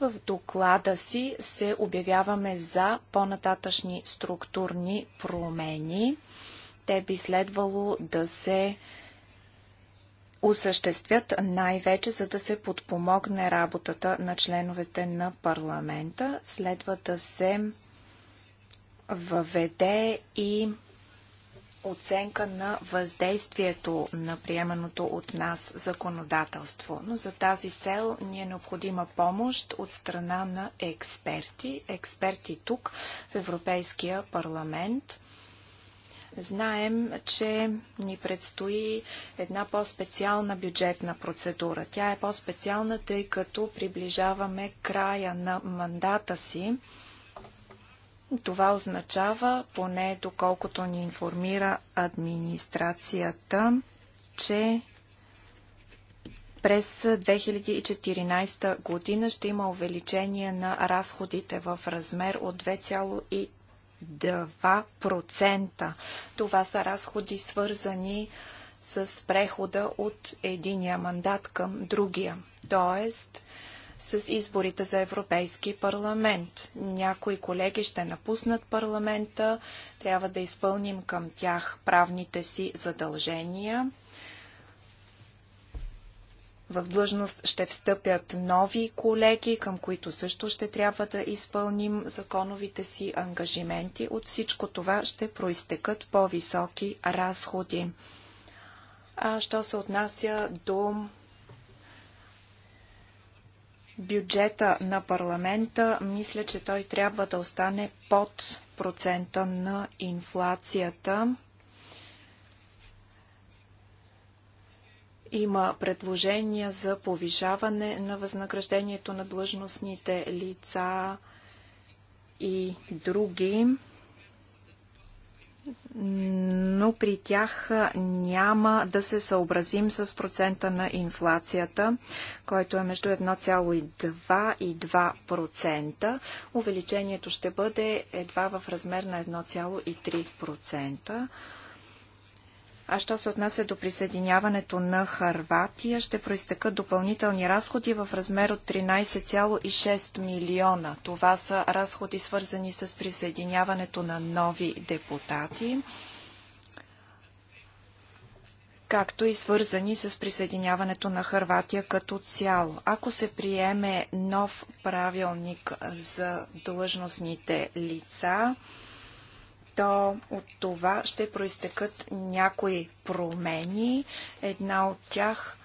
В доклада си се обявяваме за по-нататъчни структурни промени. Те би следвало да се осъществят най-вече за да се подпомогне работата на членовете на парламента. Следва да се въведе и оценка на въздействието на приеманото от нас законодателство. Но за тази цел ни е необходима помощ от страна на експерти. Експерти тук в Европейския парламент – Знаем, че ни предстои една по-специална бюджетна процедура. Тя е по-специална, тъй като приближаваме края на мандата си. Това означава, поне доколкото ни информира администрацията, че през 2014 година ще има увеличение на разходите в размер от 2%. Това са разходи свързани с прехода от единия мандат към другия, т.е. с изборите за Европейски парламент. Някои колеги ще напуснат парламента, трябва да изпълним към тях правните си задължения. В длъжност ще встъпят нови колеги, към които също ще трябва да изпълним законовите си ангажименти. От всичко това ще проистекат по-високи разходи. А що се отнася до бюджета на парламента, мисля, че той трябва да остане под процента на инфлацията. Има предложения за повишаване на възнаграждението на длъжностните лица и други, но при тях няма да се съобразим с процента на инфлацията, който е между 1,2 и 2%. Увеличението ще бъде едва в размер на 1,3%. А що се отнася до присъединяването на Харватия, ще проистъкат допълнителни разходи в размер от 13,6 милиона. Това са разходи свързани с присъединяването на нови депутати, както и свързани с присъединяването на Харватия като цяло. Ако се приеме нов правилник за длъжностните лица, то от това ще проистекат някои промени. Една от тях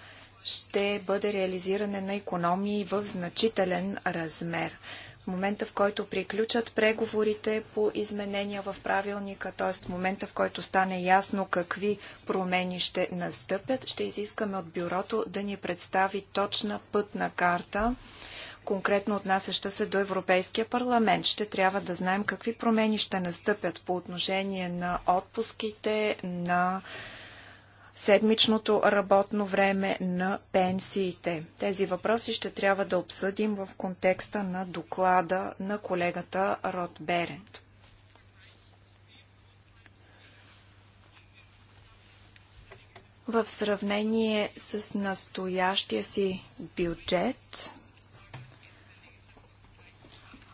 ще бъде реализиране на економии в значителен размер. В момента, в който приключат преговорите по изменения в правилника, т.е. в момента, в който стане ясно какви промени ще настъпят, ще изискаме от бюрото да ни представи точна пътна карта конкретно отнасяща се до Европейския парламент. Ще трябва да знаем какви промени ще настъпят по отношение на отпуските, на седмичното работно време на пенсиите. Тези въпроси ще трябва да обсъдим в контекста на доклада на колегата Род Берент. В сравнение с настоящия си бюджет,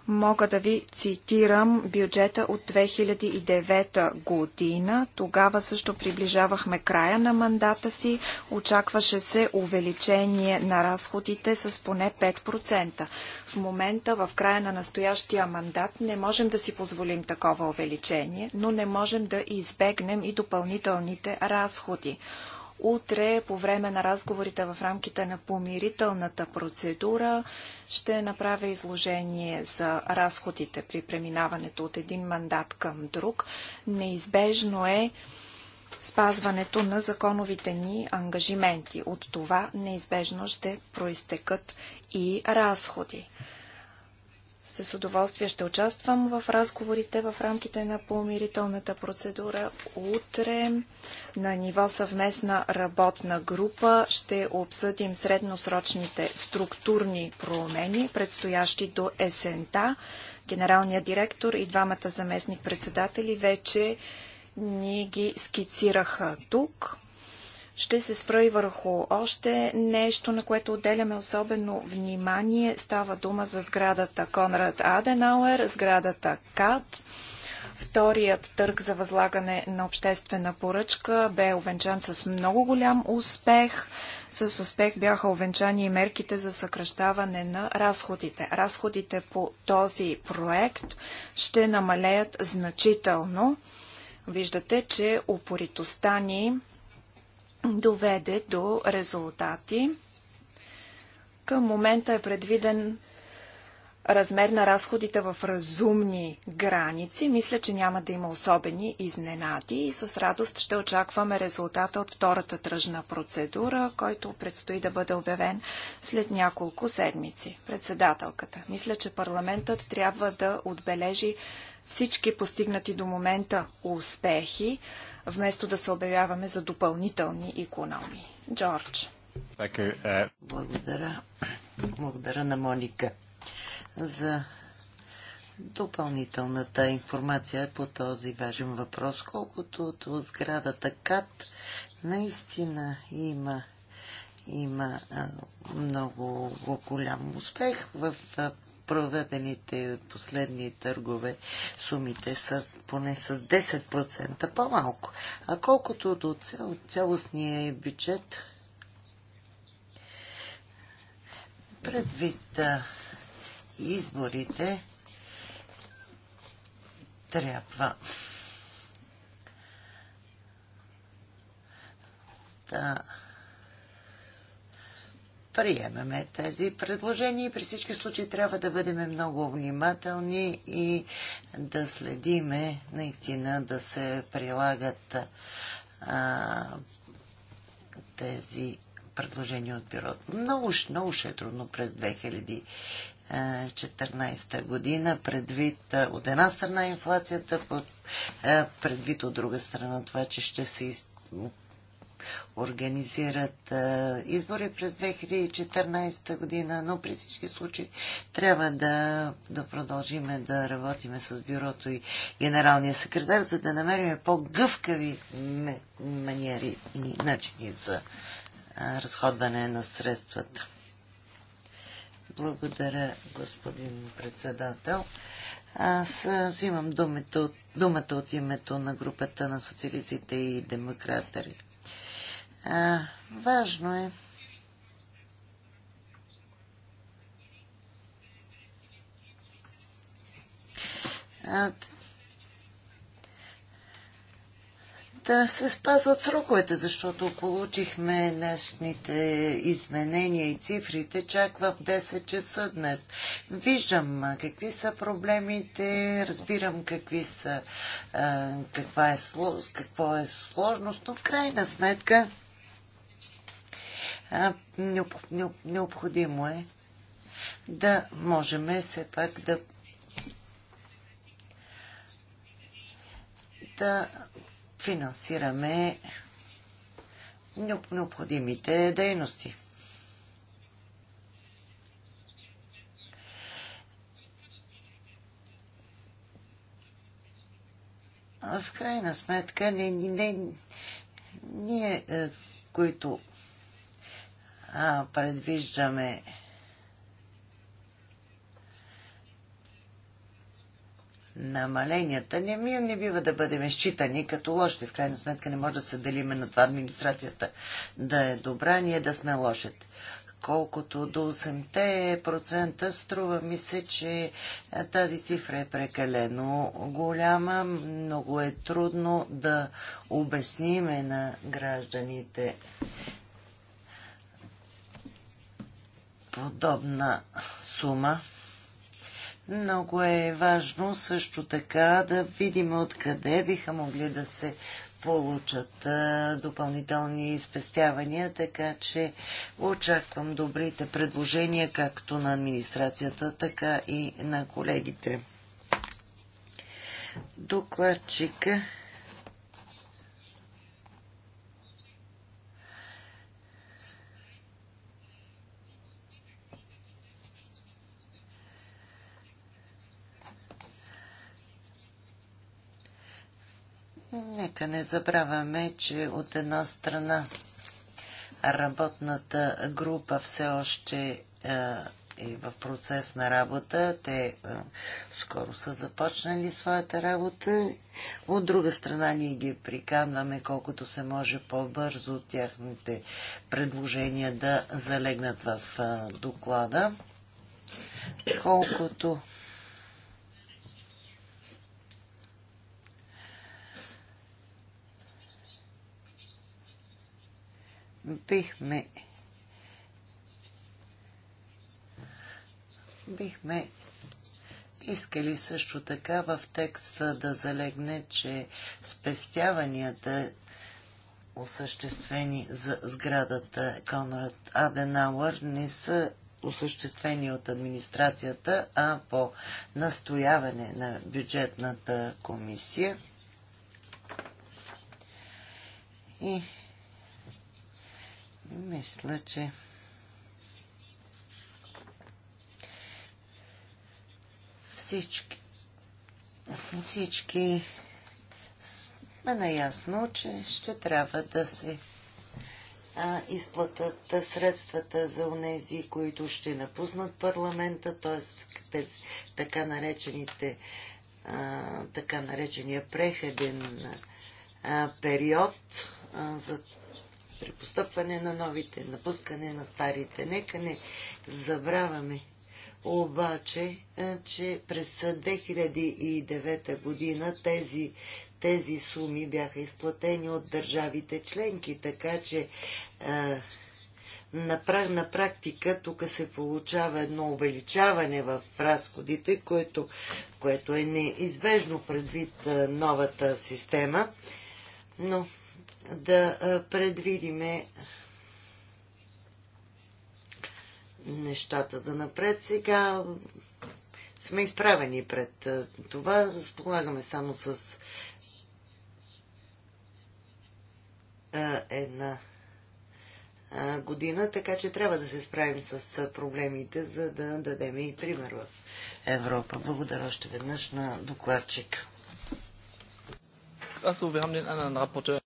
Мога да ви цитирам бюджета от 2009 година. Тогава също приближавахме края на мандата си. Очакваше се увеличение на разходите с поне 5%. В момента, в края на настоящия мандат, не можем да си позволим такова увеличение, но не можем да избегнем и допълнителните разходи. Утре, по време на разговорите в рамките на помирителната процедура, ще направя изложение за разходите при преминаването от един мандат към друг. Неизбежно е спазването на законовите ни ангажименти. От това неизбежно ще проистекат и разходи. С удоволствие ще участвам в разговорите в рамките на помирителната процедура. Утре на ниво съвместна работна група ще обсъдим средносрочните структурни промени, предстоящи до есента. Генералният директор и двамата заместник-председатели вече ни ги скицираха тук. Ще се спра и върху още нещо, на което отделяме особено внимание. Става дума за сградата Конрад Аденауер, сградата КАТ. Вторият търг за възлагане на обществена поръчка бе овенчан с много голям успех. С успех бяха овенчани и мерките за съкръщаване на разходите. Разходите по този проект ще намалеят значително. Виждате, че упоритостта ни доведе до резултати. Към момента е предвиден размер на разходите в разумни граници. Мисля, че няма да има особени изненади и с радост ще очакваме резултата от втората тръжна процедура, който предстои да бъде обявен след няколко седмици. Председателката. Мисля, че парламентът трябва да отбележи всички постигнати до момента успехи, вместо да се обявяваме за допълнителни економии. Джордж. Uh, Благодаря. Благодаря на Моника за допълнителната информация по този важен въпрос. Колкото от сградата КАТ, наистина има, има много голям успех в проведените последни търгове. Сумите са поне с 10% по-малко. А колкото до цял, цялостния бюджет, предвид а, изборите, трябва да приемеме тези предложения и при всички случаи трябва да бъдем много внимателни и да следиме наистина да се прилагат а, тези предложения от бюрото. Много, много ще е трудно през 2014 година, предвид от една страна инфлацията, предвид от друга страна това, че ще се организират избори през 2014 година, но при всички случаи трябва да, да продължиме да работиме с бюрото и генералния секретар, за да намерим по-гъвкави маниери и начини за разходване на средствата. Благодаря, господин председател. Аз взимам думата от, думата от името на групата на социалистите и демократари. А, важно е. А, да се спазват сроковете, защото получихме днешните изменения и цифрите чак в 10 часа днес. Виждам какви са проблемите, разбирам какви са, каква е, какво е сложност, но в крайна сметка а необходимо е да можем все пак да да финансираме необходимите дейности. В крайна сметка, не, не, ние, е, които а, предвиждаме намаленията. Не, ми, не бива да бъдем считани като лоши. В крайна сметка не може да се делиме на това администрацията да е добра, ние да сме лошите. Колкото до 8% струва ми се, че тази цифра е прекалено голяма. Много е трудно да обясниме на гражданите подобна сума. Много е важно също така да видим откъде биха могли да се получат допълнителни спестявания, така че очаквам добрите предложения както на администрацията, така и на колегите. Докладчика Нека не забравяме, че от една страна работната група все още е, е в процес на работа. Те е, скоро са започнали своята работа. От друга страна ние ги приканваме колкото се може по-бързо от тяхните предложения да залегнат в е, доклада. Колкото бихме бихме искали също така в текста да залегне, че спестяванията осъществени за сградата Конрад Аденауър не са осъществени от администрацията, а по настояване на бюджетната комисия. И мисля, че всички всички сме наясно, че ще трябва да се а, изплатат средствата за унези, които ще напуснат парламента, т.е. така наречените а, така наречения преходен а, период а, за при постъпване на новите, напускане на старите. Нека не забравяме обаче, е, че през 2009 година тези, тези суми бяха изплатени от държавите членки, така че е, на, на практика тук се получава едно увеличаване в разходите, което, което е неизбежно предвид е, новата система. Но да предвидиме нещата за напред. Сега сме изправени пред това. Разполагаме само с една година, така че трябва да се справим с проблемите, за да дадем и пример в Европа. Благодаря още веднъж на докладчик. Аз се haben den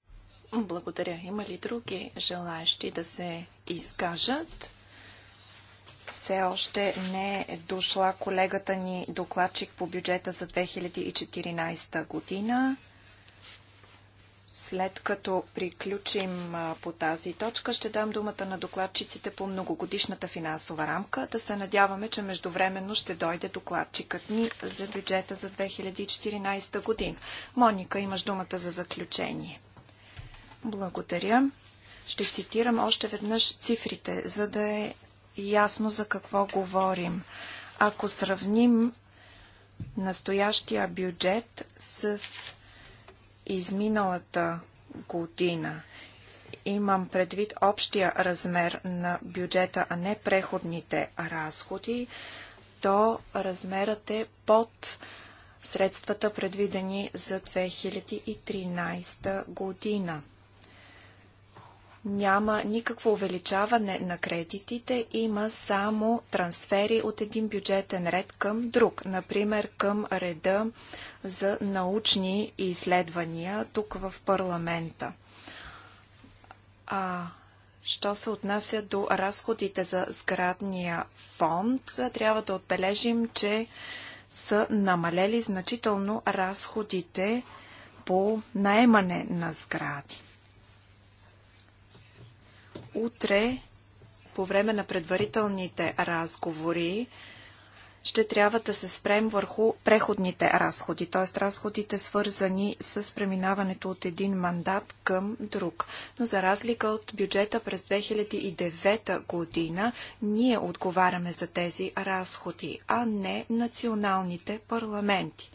благодаря. Има ли други желаящи да се изкажат? Все още не е дошла колегата ни докладчик по бюджета за 2014 година. След като приключим по тази точка, ще дам думата на докладчиците по многогодишната финансова рамка. Да се надяваме, че междувременно ще дойде докладчикът ни за бюджета за 2014 година. Моника, имаш думата за заключение. Благодаря. Ще цитирам още веднъж цифрите, за да е ясно за какво говорим. Ако сравним настоящия бюджет с изминалата година, имам предвид общия размер на бюджета, а не преходните разходи, то размерът е под средствата предвидени за 2013 година няма никакво увеличаване на кредитите, има само трансфери от един бюджетен ред към друг, например към реда за научни изследвания тук в парламента. А, що се отнася до разходите за сградния фонд, трябва да отбележим, че са намалели значително разходите по наемане на сгради утре, по време на предварителните разговори, ще трябва да се спрем върху преходните разходи, т.е. разходите свързани с преминаването от един мандат към друг. Но за разлика от бюджета през 2009 година, ние отговаряме за тези разходи, а не националните парламенти.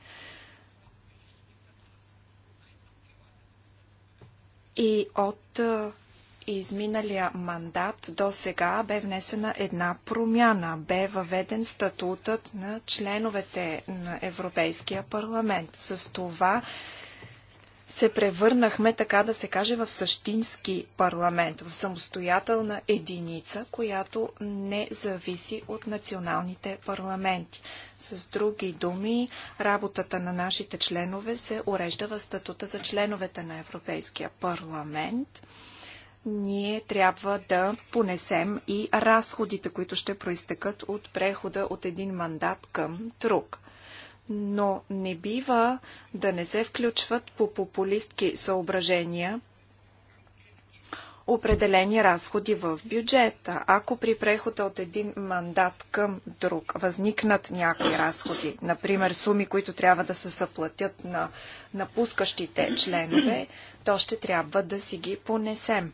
И от изминалия мандат до сега бе внесена една промяна. Бе въведен статутът на членовете на Европейския парламент. С това се превърнахме, така да се каже, в същински парламент, в самостоятелна единица, която не зависи от националните парламенти. С други думи, работата на нашите членове се урежда в статута за членовете на Европейския парламент ние трябва да понесем и разходите, които ще проистекат от прехода от един мандат към друг. Но не бива да не се включват по популистки съображения определени разходи в бюджета. Ако при прехода от един мандат към друг възникнат някои разходи, например суми, които трябва да се заплатят на напускащите членове, то ще трябва да си ги понесем.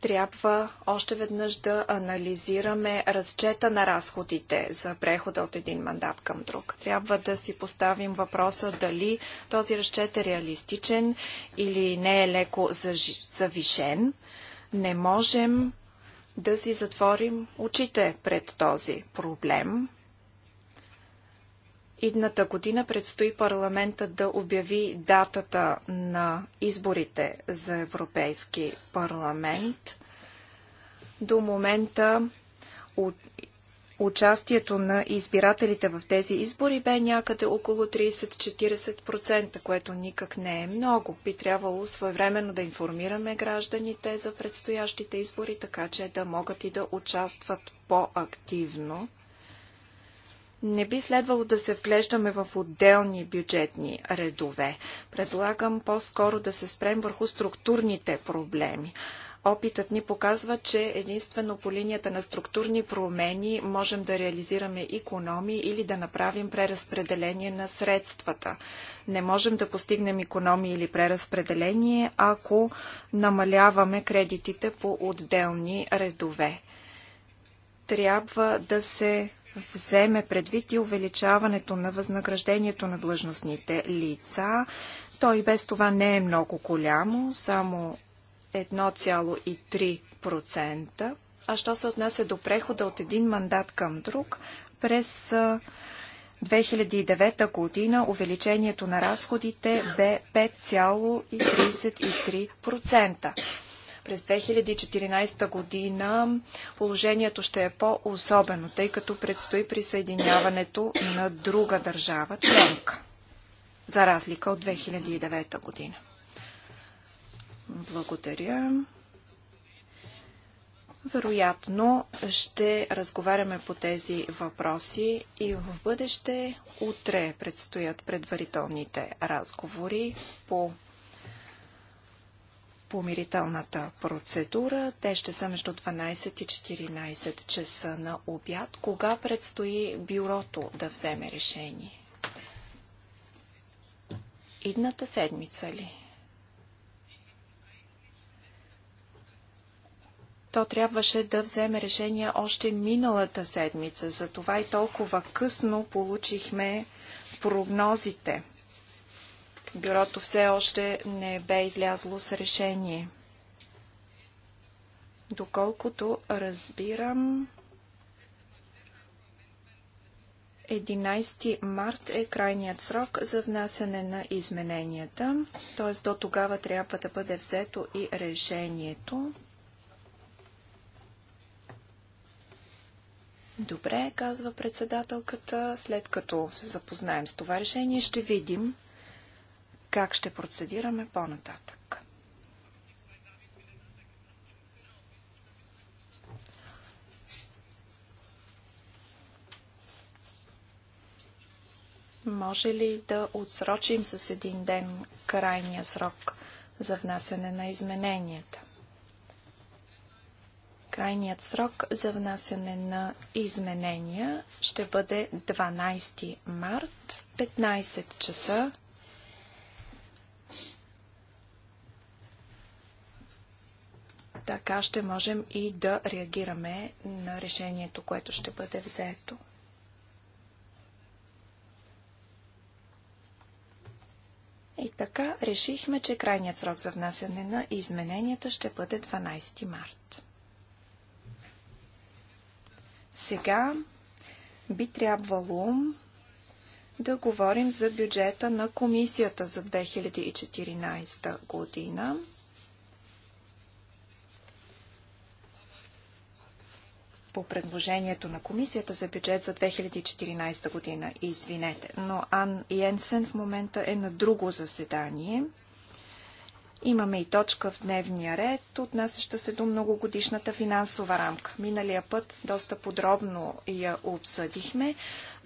трябва още веднъж да анализираме разчета на разходите за прехода от един мандат към друг. Трябва да си поставим въпроса дали този разчет е реалистичен или не е леко завишен. Не можем да си затворим очите пред този проблем. Идната година предстои парламента да обяви датата на изборите за Европейски парламент. До момента участието на избирателите в тези избори бе някъде около 30-40%, което никак не е много. Би трябвало своевременно да информираме гражданите за предстоящите избори, така че да могат и да участват по-активно. Не би следвало да се вглеждаме в отделни бюджетни редове. Предлагам по-скоро да се спрем върху структурните проблеми. Опитът ни показва, че единствено по линията на структурни промени можем да реализираме економии или да направим преразпределение на средствата. Не можем да постигнем економии или преразпределение, ако намаляваме кредитите по отделни редове. Трябва да се вземе предвид и увеличаването на възнаграждението на длъжностните лица. Той без това не е много голямо, само 1,3%. А що се отнася до прехода от един мандат към друг, през 2009 година увеличението на разходите бе 5,33%. През 2014 година положението ще е по-особено, тъй като предстои присъединяването на друга държава членка, за разлика от 2009 година. Благодаря. Вероятно ще разговаряме по тези въпроси и в бъдеще. Утре предстоят предварителните разговори по помирителната процедура. Те ще са между 12 и 14 часа на обяд. Кога предстои бюрото да вземе решение? Идната седмица ли? то трябваше да вземе решение още миналата седмица. Затова и толкова късно получихме прогнозите Бюрото все още не бе излязло с решение. Доколкото разбирам, 11 март е крайният срок за внасяне на измененията, т.е. до тогава трябва да бъде взето и решението. Добре, казва председателката, след като се запознаем с това решение, ще видим как ще процедираме по-нататък. Може ли да отсрочим с един ден крайния срок за внасене на измененията? Крайният срок за внасене на изменения ще бъде 12 март, 15 часа Така ще можем и да реагираме на решението, което ще бъде взето. И така решихме, че крайният срок за внасяне на измененията ще бъде 12 март. Сега би трябвало да говорим за бюджета на комисията за 2014 година. по предложението на Комисията за бюджет за 2014 година. Извинете, но Ан Йенсен в момента е на друго заседание. Имаме и точка в дневния ред, отнасяща се до многогодишната финансова рамка. Миналия път доста подробно я обсъдихме,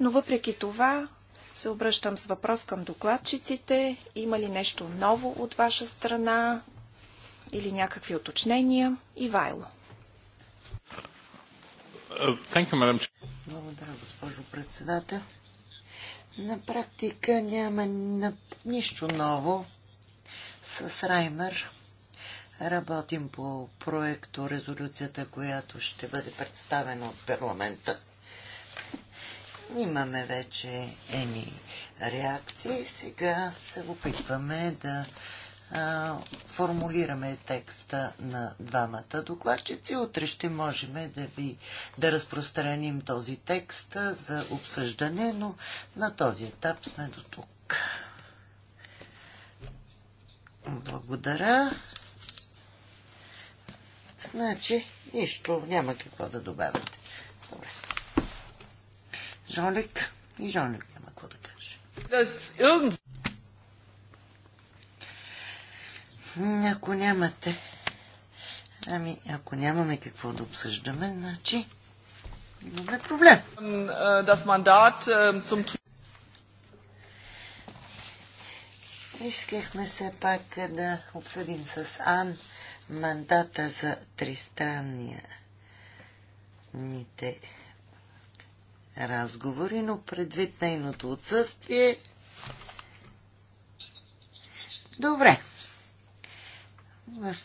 но въпреки това се обръщам с въпрос към докладчиците. Има ли нещо ново от ваша страна или някакви уточнения? Ивайло. Благодаря, госпожо председател. На практика няма нищо ново. С Раймер работим по проекто резолюцията, която ще бъде представена от парламента. Имаме вече едни реакции. Сега се опитваме да а, формулираме текста на двамата докладчици. Утре ще можем да, ви, да разпространим този текст за обсъждане, но на този етап сме до тук. Благодаря. Значи, нищо, няма какво да добавяте. Добре. Жолик и Жолик, няма какво да каже. Um, Ако нямате... Ами, ако нямаме какво да обсъждаме, значи имаме проблем. Das Mandat э, zum Искахме се пак да обсъдим с Ан мандата за ните разговори, но предвид нейното отсъствие. Добре, в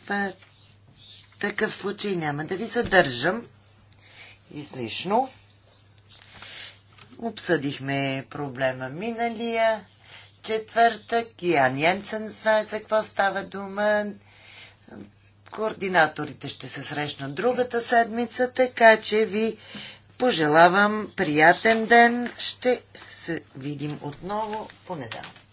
такъв случай няма да ви задържам излишно. Обсъдихме проблема миналия четвъртък. Ян Янсен знае за какво става дума. Координаторите ще се срещнат другата седмица, така че ви пожелавам приятен ден. Ще се видим отново понеделник.